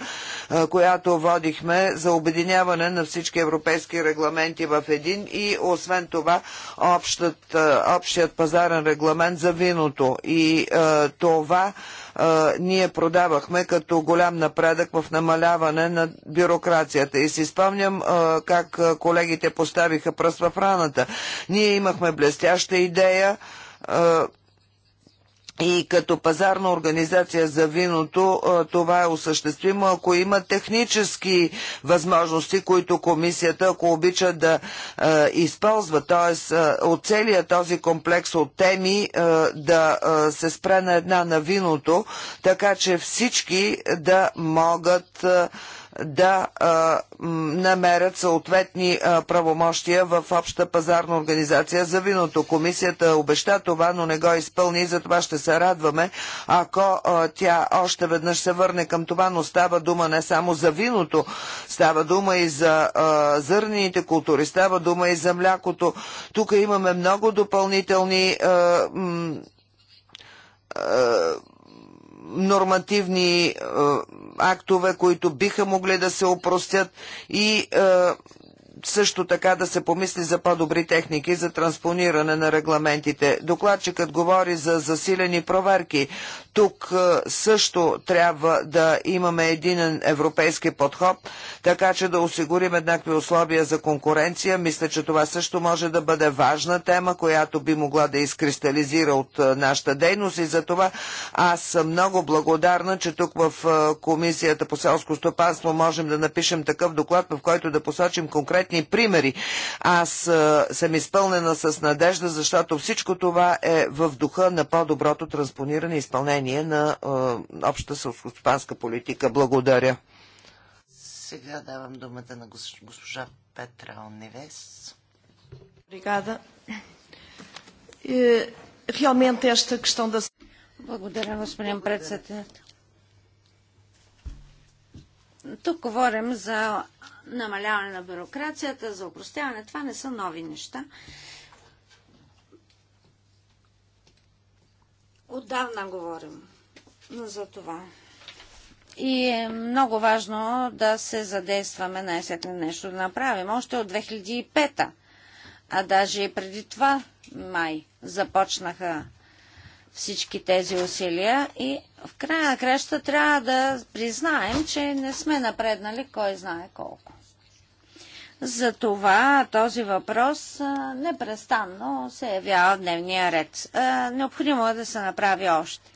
която водихме за обединяване на всички европейски регламенти в един и освен това общият, общият пазарен регламент за виното и е, това е, ние продавахме като голям напредък в намаляване на бюрокрацията. И си спомням е, как е, колегите поставиха пръст в раната. Ние имахме блестяща идея. Е, и като пазарна организация за виното това е осъществимо, ако има технически възможности, които комисията, ако обича да е, използва, т.е. от целия този комплекс от теми е, да се спре на една на виното, така че всички да могат е, да а, намерят съответни а, правомощия в обща пазарна организация за виното. Комисията обеща това, но не го изпълни и затова ще се радваме, ако а, тя още веднъж се върне към това, но става дума не само за виното, става дума и за а, зърнените култури, става дума и за млякото. Тук имаме много допълнителни а, м, а, нормативни е, актове, които биха могли да се опростят и е, също така да се помисли за по-добри техники за транспониране на регламентите. Докладчикът говори за засилени проверки. Тук е, също трябва да имаме един европейски подход, така че да осигурим еднакви условия за конкуренция. Мисля, че това също може да бъде важна тема, която би могла да изкристализира от е, нашата дейност и за това аз съм много благодарна, че тук в е, Комисията по селско стопанство можем да напишем такъв доклад, в който да посочим конкретни конкретни примери. Аз а, съм изпълнена с надежда, защото всичко това е в духа на по-доброто транспониране и изпълнение на а, обща селскостопанска политика. Благодаря. Сега давам думата на госпожа Петра Оневес. Obrigada. Realmente е, esta questão da... Благодаря, господин председател. Тук говорим за намаляване на бюрокрацията, за упростяване. Това не са нови неща. Отдавна говорим за това. И е много важно да се задействаме най-сетне нещо да направим. Още от 2005-та, а даже и преди това май започнаха всички тези усилия и в края на краща трябва да признаем, че не сме напреднали кой знае колко. Затова този въпрос непрестанно се явява в дневния ред. Необходимо е да се направи още.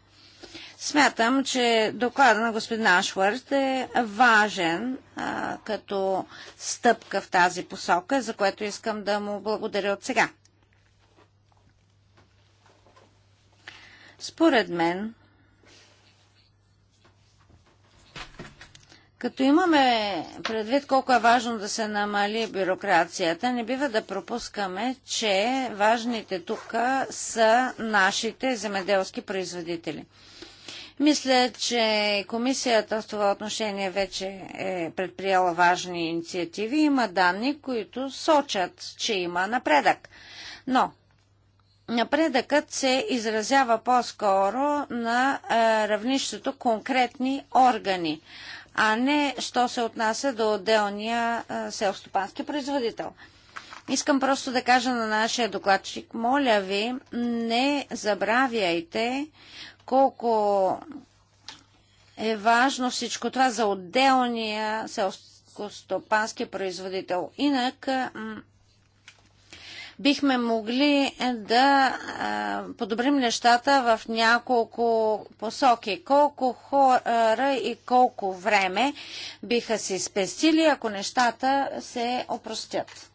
Смятам, че доклада на господин Ашвард е важен а, като стъпка в тази посока, за което искам да му благодаря от сега. Според мен, като имаме предвид колко е важно да се намали бюрокрацията, не бива да пропускаме, че важните тук са нашите земеделски производители. Мисля, че комисията в това отношение вече е предприела важни инициативи. Има данни, които сочат, че има напредък. Но Напредъкът се изразява по-скоро на е, равнището конкретни органи, а не що се отнася до отделния е, селстопански производител. Искам просто да кажа на нашия докладчик, моля ви, не забравяйте колко е важно всичко това за отделния селскостопански производител. Инак бихме могли е, да е, подобрим нещата в няколко посоки. Колко хора и колко време биха си спестили, ако нещата се опростят.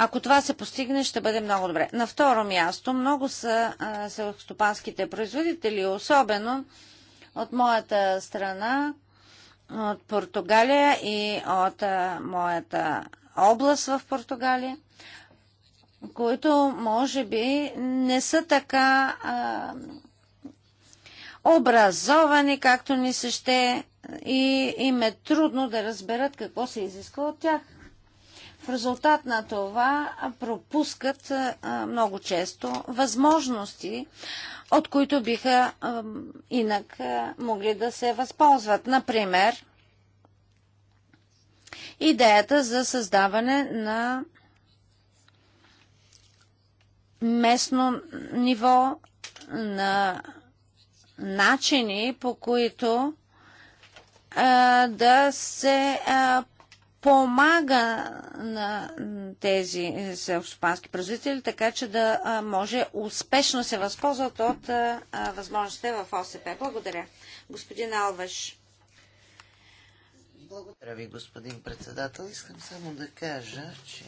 Ако това се постигне, ще бъде много добре. На второ място, много са е, селскостопанските производители, особено от моята страна, от Португалия и от а, моята област в Португалия които може би не са така а, образовани, както ни се ще и им е трудно да разберат какво се изисква от тях. В резултат на това пропускат а, много често възможности, от които биха а, инак а, могли да се възползват. Например, идеята за създаване на местно ниво, на начини, по които да се помага на тези селскопански производители, така че да може успешно се възползват от възможностите в ОСП. Благодаря. Господин Алваш. Благодаря ви, господин председател. Искам само да кажа, че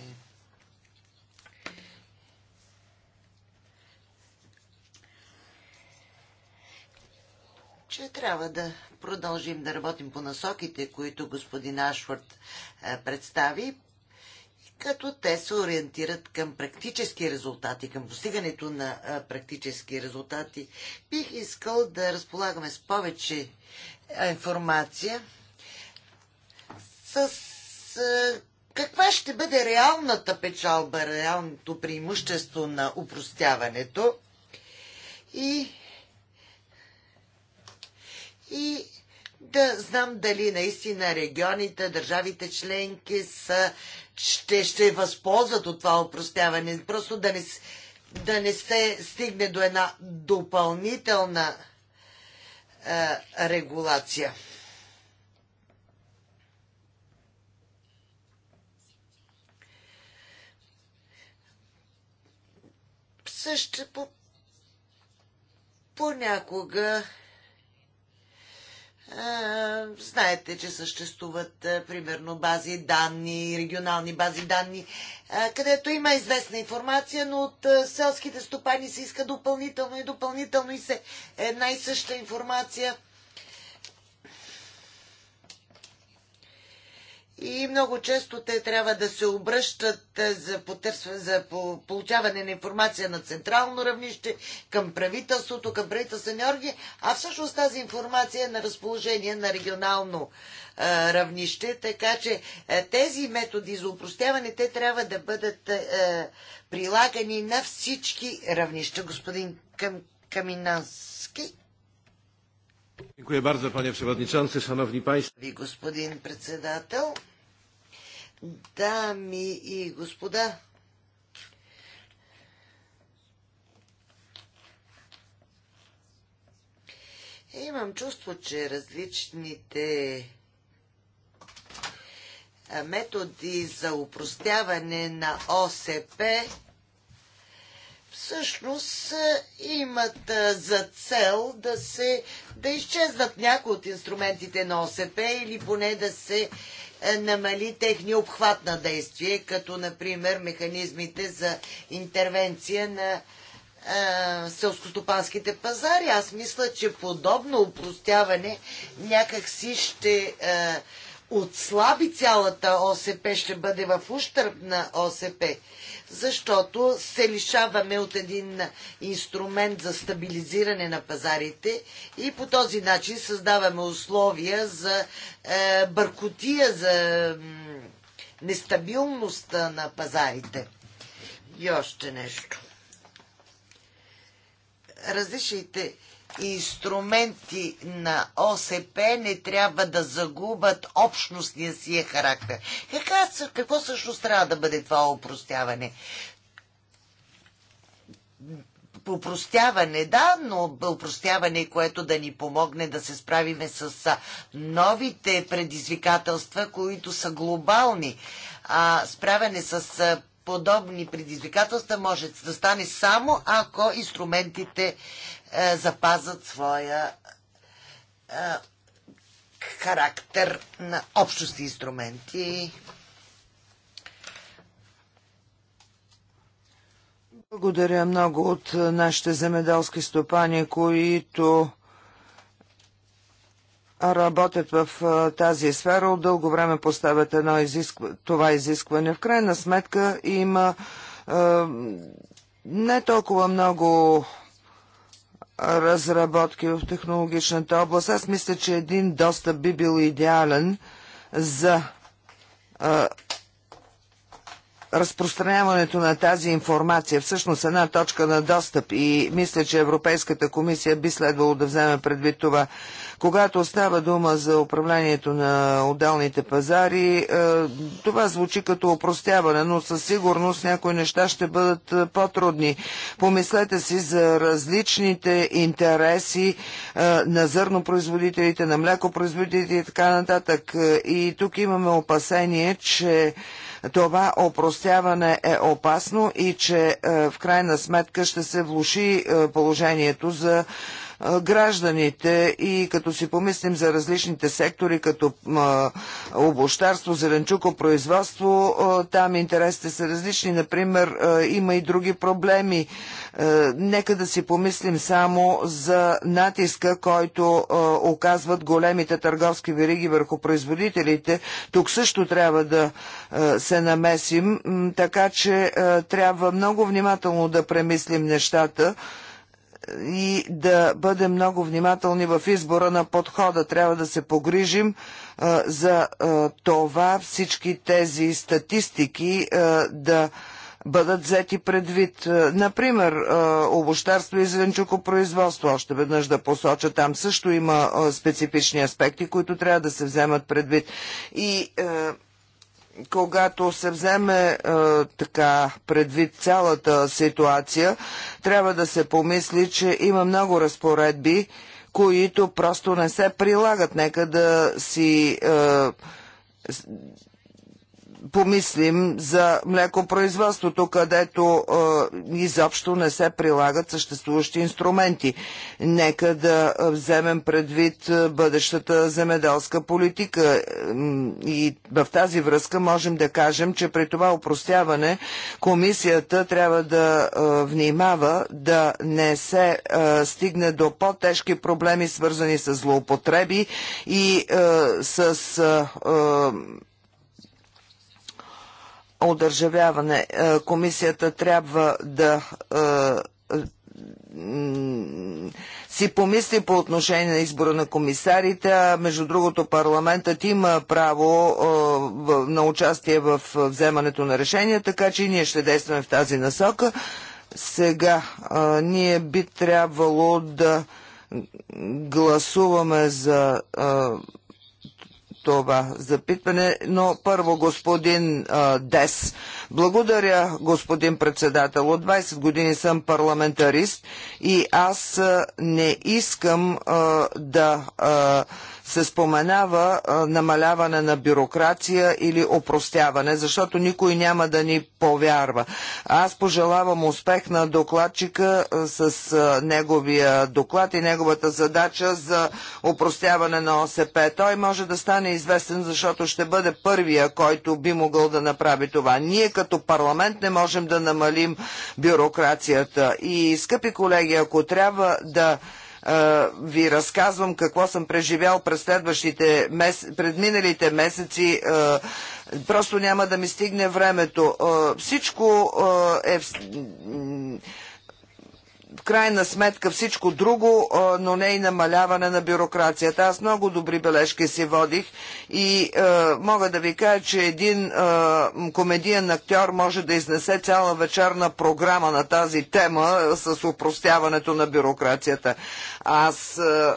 че трябва да продължим да работим по насоките, които господин Ашвард е, представи, като те се ориентират към практически резултати, към постигането на е, практически резултати. Бих искал да разполагаме с повече е, информация с каква ще бъде реалната печалба, реалното преимущество на упростяването и и да знам дали наистина регионите, държавите членки са, ще, ще възползват от това упростяване. Просто да не, да не се стигне до една допълнителна а, е, регулация. Също по, понякога Знаете, че съществуват примерно бази данни, регионални бази данни, където има известна информация, но от селските стопани се иска допълнително и допълнително и се една и съща информация И много често те трябва да се обръщат е, за, потърсва, за получаване на информация на централно равнище, към правителството, към правителствени органи, а всъщност тази информация е на разположение на регионално а, е, равнище, така че а, е, тези методи за упростяване, те трябва да бъдат а, прилагани на всички равнища. Господин Кам, Каминански. Dziękuję bardzo, panie przewodniczący, szanowni państwo. Господин председател, Дами и господа, имам чувство, че различните методи за упростяване на ОСП всъщност имат за цел да се да изчезнат някои от инструментите на ОСП или поне да се е, намали техния обхват на действие, като например механизмите за интервенция на е, селскостопанските пазари. Аз мисля, че подобно упростяване някакси ще а, е, отслаби цялата ОСП, ще бъде в ущърб на ОСП, защото се лишаваме от един инструмент за стабилизиране на пазарите и по този начин създаваме условия за е, бъркотия, за е, нестабилност на пазарите. И още нещо. Разрешите инструменти на ОСП не трябва да загубят общностния си е характер. Кака, какво всъщност трябва да бъде това опростяване? Опростяване, да, но опростяване, което да ни помогне да се справиме с новите предизвикателства, които са глобални. А, справяне с подобни предизвикателства може да стане само ако инструментите е, запазат своя е, характер на общости инструменти. Благодаря много от нашите земеделски стопани, които работят в е, тази сфера. От дълго време поставят едно изисква... това изискване. В крайна сметка има е, не толкова много разработки в технологичната област. Аз мисля, че един достъп би бил идеален за разпространяването на тази информация. Всъщност една точка на достъп и мисля, че Европейската комисия би следвало да вземе предвид това. Когато става дума за управлението на отделните пазари, е, това звучи като опростяване, но със сигурност някои неща ще бъдат е, по-трудни. Помислете си за различните интереси е, на зърнопроизводителите, на млекопроизводителите и така нататък. И тук имаме опасение, че това опростяване е опасно и че в крайна сметка ще се влуши положението за гражданите и като си помислим за различните сектори, като обощарство, производство, там интересите са различни. Например, има и други проблеми. Нека да си помислим само за натиска, който оказват големите търговски вериги върху производителите. Тук също трябва да се намесим, така че трябва много внимателно да премислим нещата и да бъдем много внимателни в избора на подхода. Трябва да се погрижим а, за а, това всички тези статистики а, да бъдат взети предвид. Например, обощарство и зеленчукопроизводство, още веднъж да посоча, там също има специфични аспекти, които трябва да се вземат предвид. И когато се вземе е, така предвид цялата ситуация, трябва да се помисли, че има много разпоредби, които просто не се прилагат. Нека да си е, помислим за млекопроизводството, където е, изобщо не се прилагат съществуващи инструменти. Нека да вземем предвид бъдещата земеделска политика и в тази връзка можем да кажем, че при това упростяване комисията трябва да е, внимава да не се е, стигне до по-тежки проблеми, свързани с злоупотреби и е, с е, одържавяване. Е, комисията трябва да е, си помисли по отношение на избора на комисарите. Между другото, парламентът има право е, на участие в вземането на решения, така че и ние ще действаме в тази насока. Сега ние би трябвало да гласуваме за това запитване, но първо господин а, Дес. Благодаря, господин председател. От 20 години съм парламентарист и аз а, не искам а, да се споменава а, намаляване на бюрокрация или опростяване, защото никой няма да ни повярва. Аз пожелавам успех на докладчика а, с а, неговия доклад и неговата задача за опростяване на ОСП. Той може да стане известен, защото ще бъде първия, който би могъл да направи това. Ние като парламент не можем да намалим бюрокрацията. И, скъпи колеги, ако трябва да е, ви разказвам какво съм преживял през следващите мес... предминалите месеци. Е, просто няма да ми стигне времето. Е, всичко е крайна сметка всичко друго, но не и намаляване на бюрокрацията. Аз много добри бележки си водих и е, мога да ви кажа, че един е, комедиен актьор може да изнесе цяла вечерна програма на тази тема с упростяването на бюрокрацията. Аз е,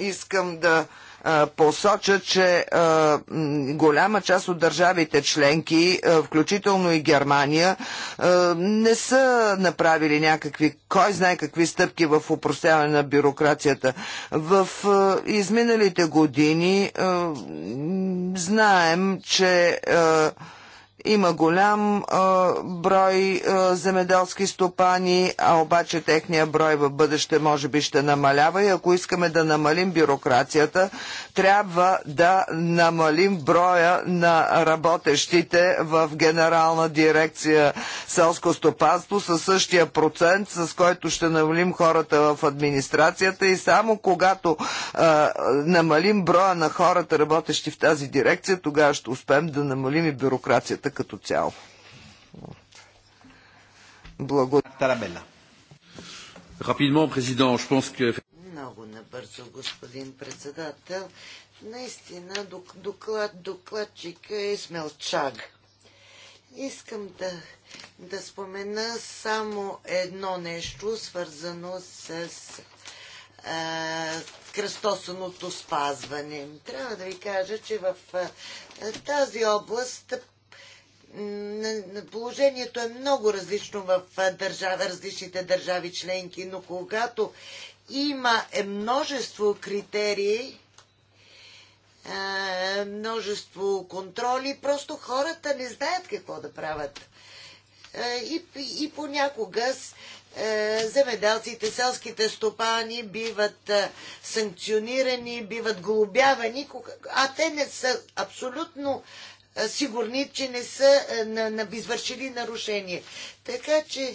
искам да посоча, че голяма част от държавите членки, включително и Германия, не са направили някакви, кой знае какви стъпки в упростяване на бюрокрацията. В изминалите години знаем, че има голям а, брой а, земеделски стопани, а обаче техния брой в бъдеще може би ще намалява и ако искаме да намалим бюрокрацията, трябва да намалим броя на работещите в Генерална дирекция селско стопанство със същия процент, с който ще намалим хората в администрацията и само когато а, намалим броя на хората работещи в тази дирекция, тогава ще успеем да намалим и бюрокрацията като цяло. Благодаря. Рапидно, президент, je pense que... Много набързо, господин председател. Наистина, доклад, докладчика е Смелчаг. Искам да, да спомена само едно нещо, свързано с а, кръстосаното спазване. Трябва да ви кажа, че в а, тази област положението е много различно в държава, различните държави членки, но когато има е множество критерии, множество контроли, просто хората не знаят какво да правят. И, и понякога земеделците, селските стопани биват санкционирани, биват глобявани, а те не са абсолютно сигурни, че не са на, на, извършили нарушение. Така че,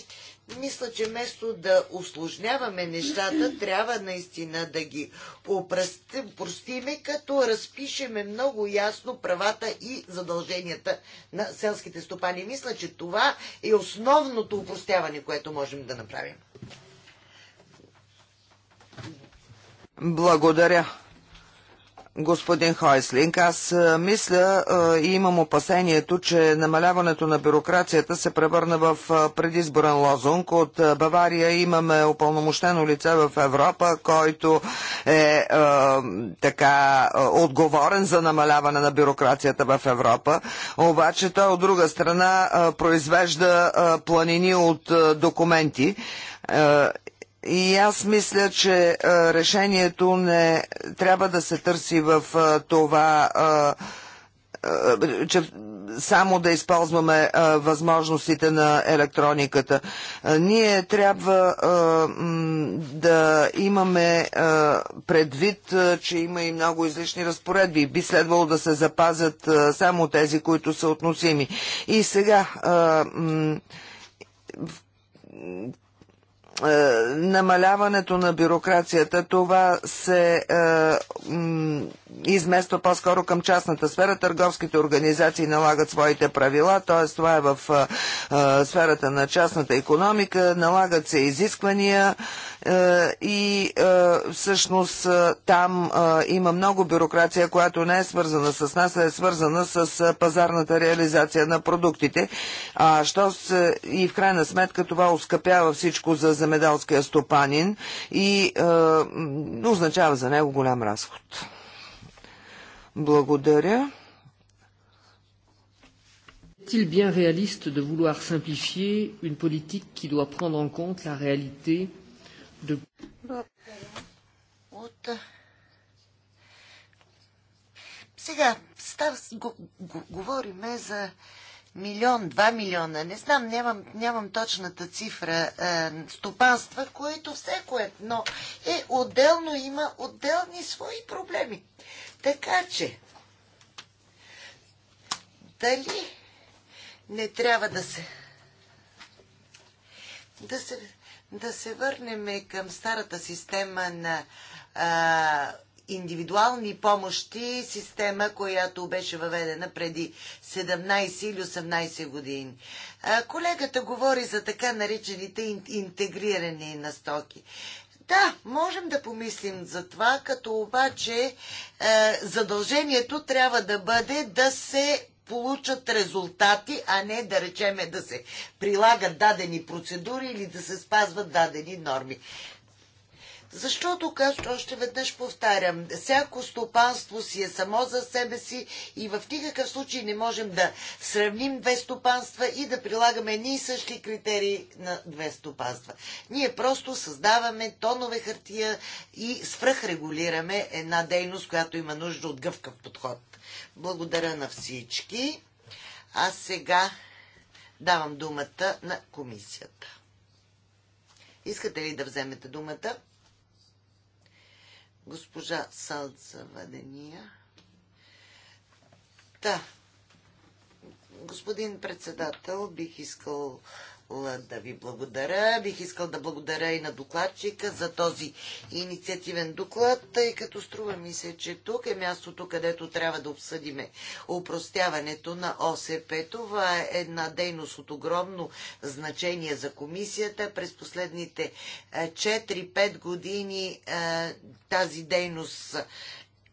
мисля, че вместо да усложняваме нещата, трябва наистина да ги упростиме, като разпишеме много ясно правата и задълженията на селските стопани. Мисля, че това е основното упростяване, което можем да направим. Благодаря господин Хойслинг. Аз мисля и имам опасението, че намаляването на бюрокрацията се превърна в предизборен лозунг. От Бавария имаме опълномощено лице в Европа, който е, е така отговорен за намаляване на бюрокрацията в Европа. Обаче той от друга страна произвежда планини от документи и аз мисля, че решението не трябва да се търси в това, че само да използваме възможностите на електрониката. Ние трябва да имаме предвид, че има и много излишни разпоредби. Би следвало да се запазят само тези, които са относими. И сега е, намаляването на бюрокрацията, това се е, измества по-скоро към частната сфера. Търговските организации налагат своите правила, т.е. това е в е, е сферата на частната економика, налагат се изисквания. Е, е, и е, всъщност е, там има много бюрокрация, която не е свързана с нас, а е свързана с пазарната реализация на продуктите. А, що с, и в крайна сметка това оскъпява всичко за замедалския стопанин и означава за него голям разход. Благодаря. Est-il bien réaliste de vouloir simplifier une politique qui doit prendre en compte la réalité благодаря. Сега стар, го, го, говориме за милион, два милиона, не знам, нямам, нямам точната цифра, е, стопанства, което всеко едно е отделно, има отделни свои проблеми. Така че, дали не трябва да се да се да се върнем към старата система на а, индивидуални помощи, система, която беше въведена преди 17 или 18 години. А, колегата говори за така наречените интегрирани настоки. Да, можем да помислим за това, като обаче е, задължението трябва да бъде да се получат резултати, а не да речеме да се прилагат дадени процедури или да се спазват дадени норми. Защото, както още веднъж повтарям, всяко стопанство си е само за себе си и в никакъв случай не можем да сравним две стопанства и да прилагаме ни същи критерии на две стопанства. Ние просто създаваме тонове хартия и свръхрегулираме една дейност, която има нужда от гъвкав подход. Благодаря на всички. А сега давам думата на комисията. Искате ли да вземете думата? Госпожа Салца Вадения. Да. Господин председател, бих искал да ви благодаря. Бих искал да благодаря и на докладчика за този инициативен доклад, тъй като струва ми се, че тук е мястото, където трябва да обсъдиме упростяването на ОСП. Това е една дейност от огромно значение за комисията. През последните 4-5 е, години е, тази дейност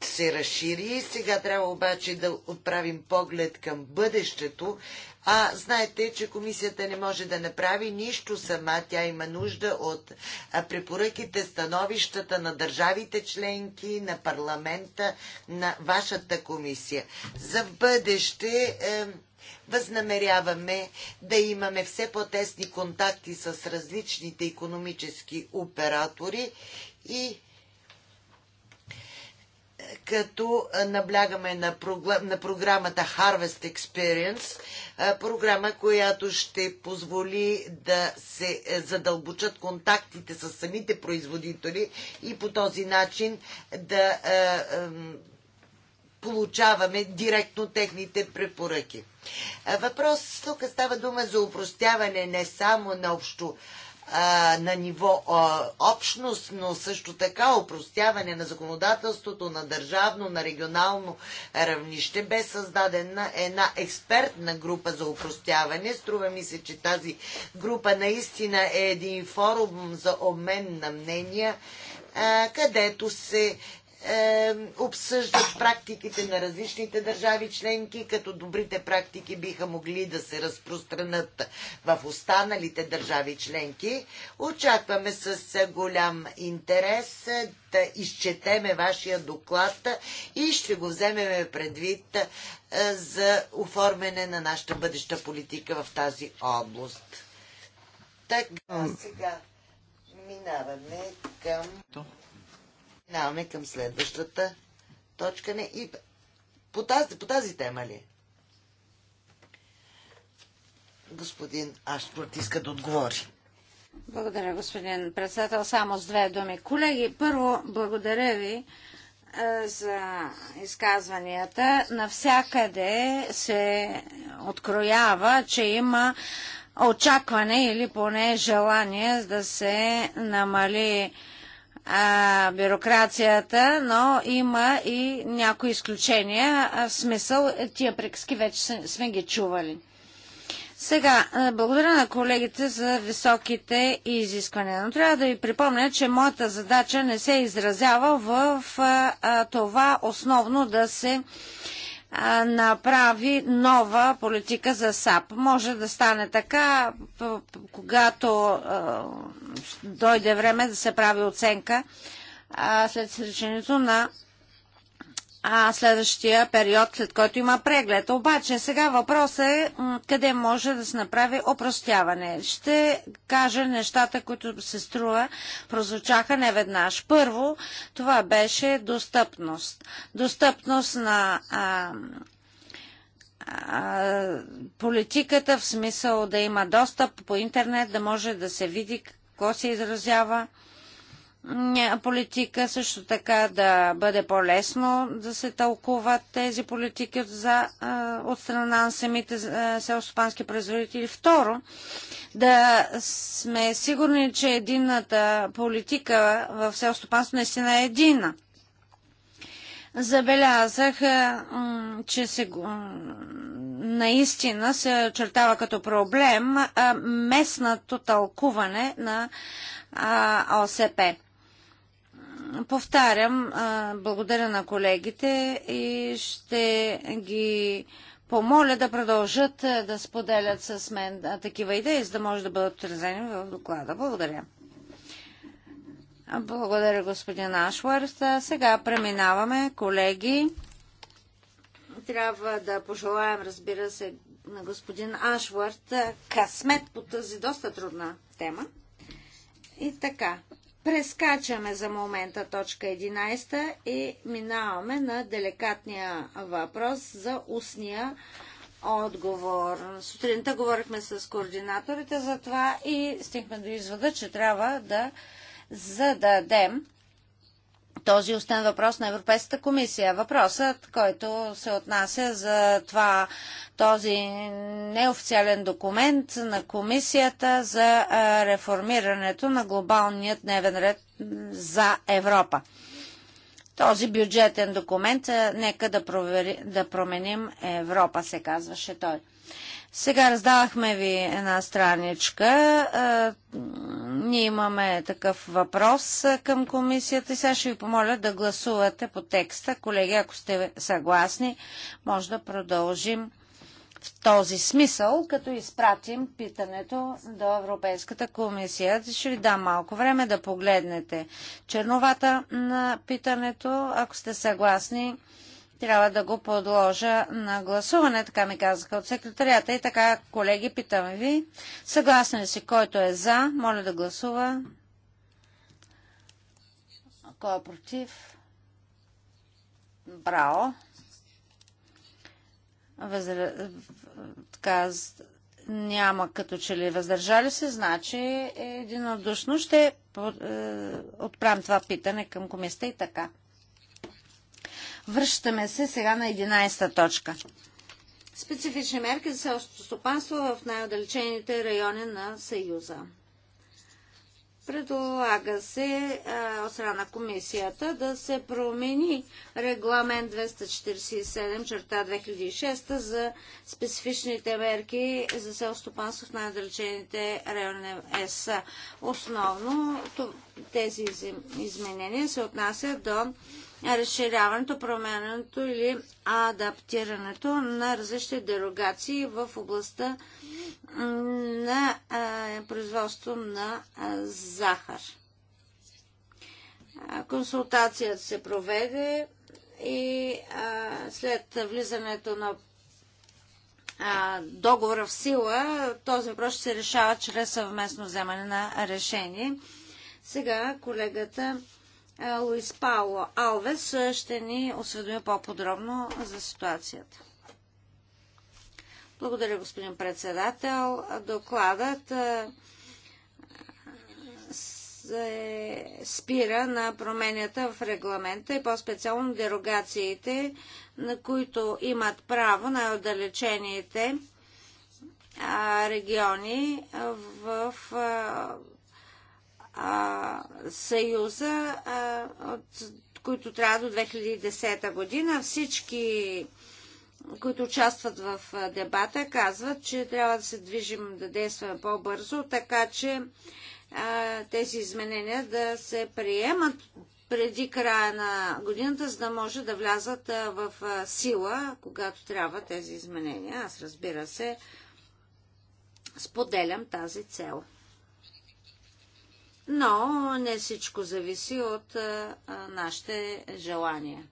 се разшири. Сега трябва обаче да отправим поглед към бъдещето. А знаете, че комисията не може да направи нищо сама. Тя има нужда от препоръките, становищата на държавите членки, на парламента, на вашата комисия. За бъдеще е, възнамеряваме да имаме все по-тесни контакти с различните економически оператори и като наблягаме на, на програмата Harvest Experience, програма, която ще позволи да се е, задълбочат контактите с самите производители и по този начин да е, е, получаваме директно техните препоръки. Въпрос тук става дума за упростяване не само на общо а, на ниво а, общност, но също така опростяване на законодателството на държавно, на регионално равнище. Бе създадена една експертна група за опростяване. Струва ми се, че тази група наистина е един форум за обмен на мнения, а, където се е, обсъждат практиките на различните държави членки, като добрите практики биха могли да се разпространят в останалите държави членки. Очакваме с голям интерес да изчетеме вашия доклад и ще го вземем предвид е, за оформяне на нашата бъдеща политика в тази област. Така, сега минаваме към... Минаваме към следващата точка. Не, и по тази, по тази тема ли? Господин Ашпорт иска да отговори. Благодаря, господин председател. Само с две думи. Колеги, първо благодаря ви е, за изказванията. Навсякъде се откроява, че има очакване или поне желание да се намали а, бюрокрацията, но има и някои изключения. В смисъл, е, тия приказки вече сме ги чували. Сега, благодаря на колегите за високите изисквания, но трябва да ви припомня, че моята задача не се изразява в а, това основно да се направи нова политика за САП. Може да стане така, когато дойде време да се прави оценка след сречението на а следващия период, след който има преглед. Обаче сега въпросът е къде може да се направи опростяване. Ще кажа нещата, които се струва, прозвучаха неведнъж. Първо, това беше достъпност. Достъпност на а, а, политиката в смисъл да има достъп по интернет, да може да се види какво се изразява политика, също така да бъде по-лесно да се тълкуват тези политики от, за, от страна на самите селстопански производители. Второ, да сме сигурни, че единната политика в селстопанство наистина е едина. Забелязах, че се, наистина се очертава като проблем местното тълкуване на ОСП. Повтарям, благодаря на колегите и ще ги помоля да продължат да споделят с мен такива идеи, за да може да бъдат отразени в доклада. Благодаря. Благодаря, господин Ашварст. Сега преминаваме, колеги. Трябва да пожелаем, разбира се, на господин Ашварт, късмет по тази доста трудна тема. И така, Прескачаме за момента точка 11 и минаваме на деликатния въпрос за устния отговор. Сутринта говорихме с координаторите за това и стихме до извода, че трябва да зададем този остен въпрос на Европейската комисия. Въпросът, който се отнася за това, този неофициален документ на комисията за реформирането на глобалният дневен ред за Европа. Този бюджетен документ, нека да, провери, да променим Европа, се казваше той. Сега раздавахме ви една страничка. Ние имаме такъв въпрос към комисията и сега ще ви помоля да гласувате по текста. Колеги, ако сте съгласни, може да продължим в този смисъл, като изпратим питането до Европейската комисия. Ще ви дам малко време да погледнете черновата на питането. Ако сте съгласни, трябва да го подложа на гласуване, така ми казаха от секретарията. И така, колеги, питаме ви, съгласен ли си, който е за, моля да гласува. Кой е против? Браво. Възр... Така, няма като че ли въздържали се, значи единодушно ще е, отправим това питане към комисията и така. Връщаме се сега на 11-та точка. Специфични мерки за селското стопанство в най-отдалечените райони на Съюза. Предлага се от страна на комисията да се промени регламент 247 черта 2006 за специфичните мерки за селостопанство в най-далечените райони на ЕС. Основно тези изменения се отнасят до разширяването, променянето или адаптирането на различни дерогации в областта на производство на захар. Консултацията се проведе и след влизането на договора в сила, този въпрос ще се решава чрез съвместно вземане на решение. Сега колегата е, Луис Пауло Алвес е, ще ни осведоми по-подробно за ситуацията. Благодаря, господин председател. Докладът е, се спира на променята в регламента и по-специално дерогациите, на които имат право на отдалечените региони в Съюза от, които трябва до 2010 година. Всички, които участват в дебата, казват, че трябва да се движим, да действаме по-бързо, така че а, тези изменения да се приемат преди края на годината, за да може да влязат а, в а, сила, когато трябва тези изменения. Аз разбира се, споделям тази цел но не всичко зависи от нашите желания.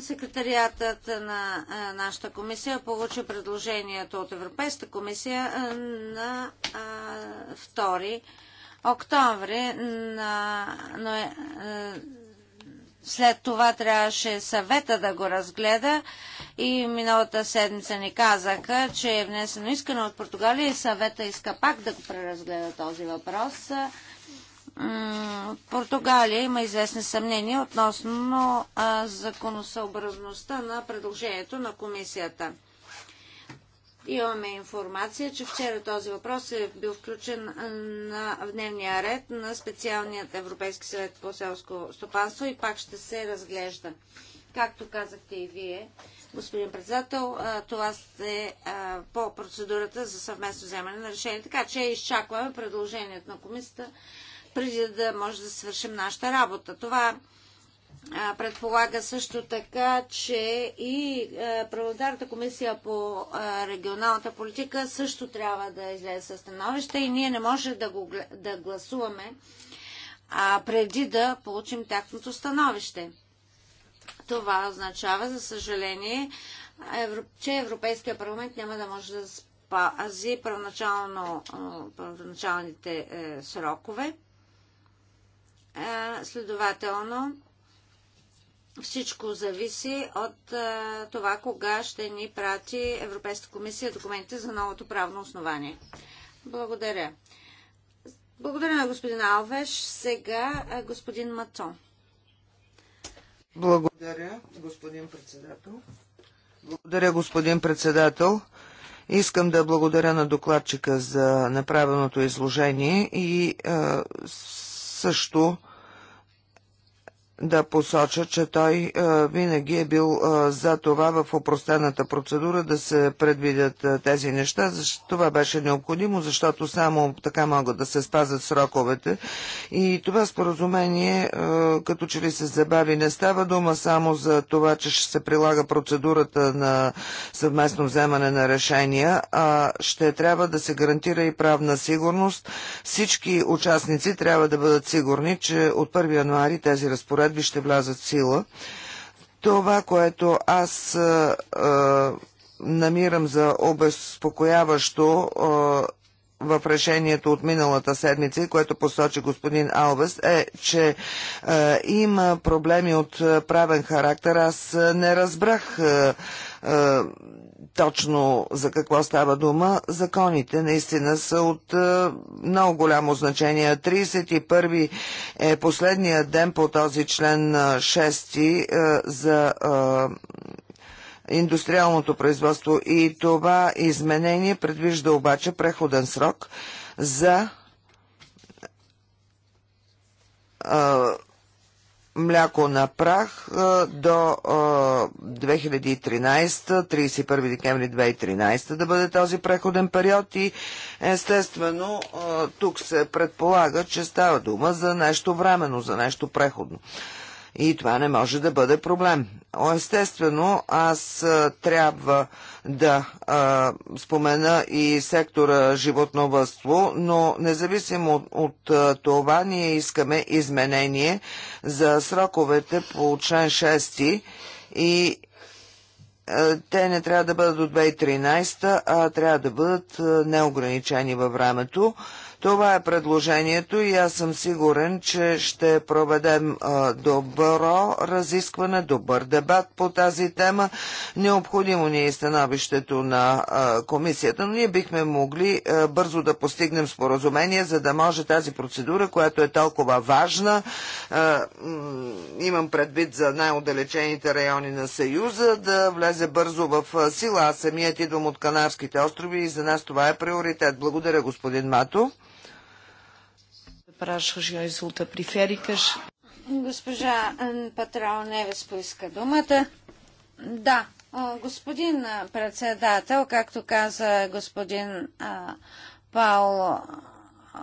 Секретариатът на нашата комисия получи предложението от Европейската комисия на 2 октомври на, след това трябваше съвета да го разгледа и миналата седмица ни казаха, че е внесено искане от Португалия и съвета иска пак да го преразгледа този въпрос. Португалия има известни съмнения относно законосъобразността на предложението на комисията. Имаме информация, че вчера този въпрос е бил включен на, дневния ред на специалният Европейски съвет по селско стопанство и пак ще се разглежда. Както казахте и вие, господин председател, това сте по процедурата за съвместно вземане на решение. Така че изчакваме предложението на комисията преди да може да свършим нашата работа. Това е предполага също така, че и правилдарната комисия по регионалната политика също трябва да излезе със становище и ние не може да, го, да гласуваме а, преди да получим тяхното становище. Това означава, за съжаление, че Европейския парламент няма да може да спази първоначалните е, срокове. Следователно, всичко зависи от това кога ще ни прати Европейската комисия документите за новото правно основание. Благодаря. Благодаря на господин Алвеш. Сега господин Мато. Благодаря, господин председател. Благодаря, господин председател. Искам да благодаря на докладчика за направеното изложение и а, също да посоча, че той е, винаги е бил е, за това в опростената процедура да се предвидят е, тези неща. това беше необходимо, защото само така могат да се спазят сроковете. И това споразумение, като че ли се забави, не става дума само за това, че ще се прилага процедурата на съвместно вземане на решения, а ще трябва да се гарантира и правна сигурност. Всички участници трябва да бъдат сигурни, че от 1 януари тези разпоредби разпоредби ще влязат в сила. Това, което аз намирам за обезпокояващо в решението от миналата седмица, което посочи господин Алвес, е, че е, има проблеми от правен характер. Аз не разбрах е, точно за какво става дума. Законите наистина са от е, много голямо значение. 31 е последния ден по този член 6 е, е, за индустриалното производство и това изменение предвижда обаче преходен срок за мляко на прах до 2013, 31 декември 2013 да бъде този преходен период и естествено тук се предполага, че става дума за нещо времено, за нещо преходно. И това не може да бъде проблем. Естествено, аз трябва да а, спомена и сектора животновътство, но независимо от, от това, ние искаме изменение за сроковете по член 6 и а, те не трябва да бъдат до 2013, а трябва да бъдат неограничени във времето. Това е предложението и аз съм сигурен, че ще проведем добро разискване, добър дебат по тази тема. Необходимо ни е становището на комисията, но ние бихме могли бързо да постигнем споразумение, за да може тази процедура, която е толкова важна, имам предвид за най-отдалечените райони на Съюза, да влезе бързо в сила. Аз самият идвам от Канарските острови и за нас това е приоритет. Благодаря, господин Мато para as regiões ultraperiféricas. Госпожа Патрал Невес поиска думата. Да, господин председател, както каза господин а, Пауло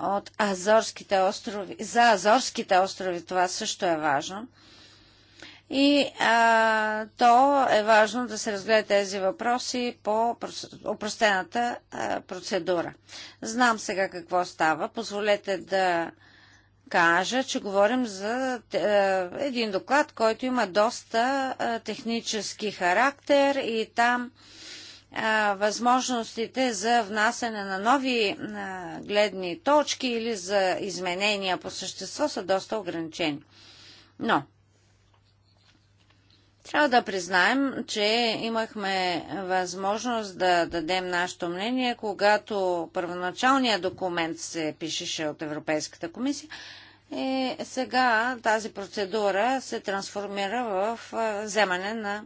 от Азорските острови, за Азорските острови това също е важно. И а, то е важно да се разгледат тези въпроси по опростената процедура. Знам сега какво става. Позволете да кажа, че говорим за е, един доклад, който има доста е, технически характер и там е, възможностите за внасяне на нови е, гледни точки или за изменения по същество са доста ограничени. Но трябва да признаем, че имахме възможност да дадем нашето мнение, когато първоначалният документ се пишеше от Европейската комисия. И е сега тази процедура се трансформира в вземане на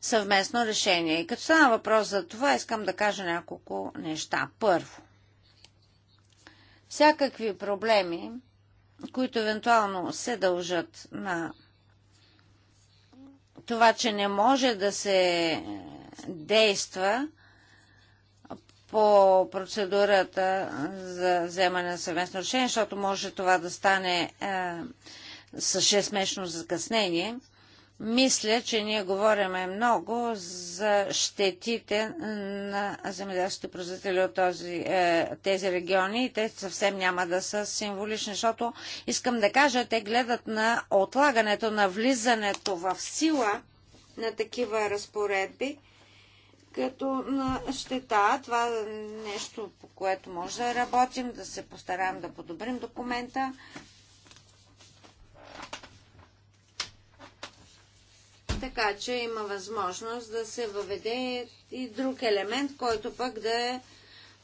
съвместно решение. И като стана въпрос за това, искам да кажа няколко неща. Първо, всякакви проблеми, които евентуално се дължат на това, че не може да се действа по процедурата за вземане на съвместно решение, защото може това да стане е, с 6-месечно закъснение. Мисля, че ние говориме много за щетите на земеделските производители от този, е, тези региони и те съвсем няма да са символични, защото искам да кажа, те гледат на отлагането на влизането в сила на такива разпоредби като на щета. Това е нещо, по което може да работим, да се постараем да подобрим документа, така че има възможност да се въведе и друг елемент, който пък да е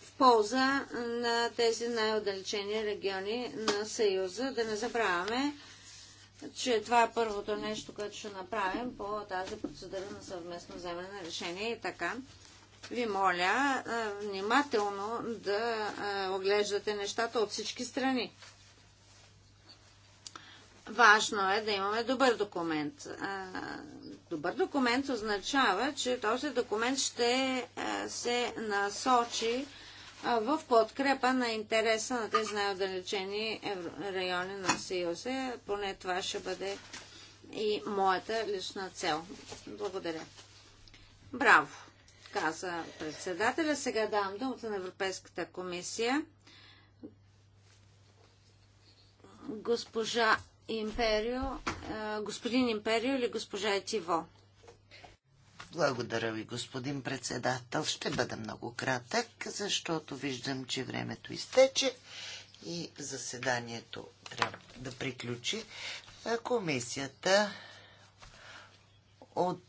в полза на тези най-отдалечени региони на Съюза. Да не забравяме, че това е първото нещо, което ще направим по тази процедура на съвместно вземане на решение и така. Ви моля внимателно да оглеждате нещата от всички страни. Важно е да имаме добър документ. Добър документ означава, че този документ ще е, се насочи е, в подкрепа на интереса на тези най-отдалечени райони на Съюза. Поне това ще бъде и моята лична цел. Благодаря. Браво, каза председателя. Сега давам думата на Европейската комисия. Госпожа Империо, господин Империо или госпожа Етиво. Благодаря ви, господин председател. Ще бъда много кратък, защото виждам, че времето изтече и заседанието трябва да приключи. Комисията от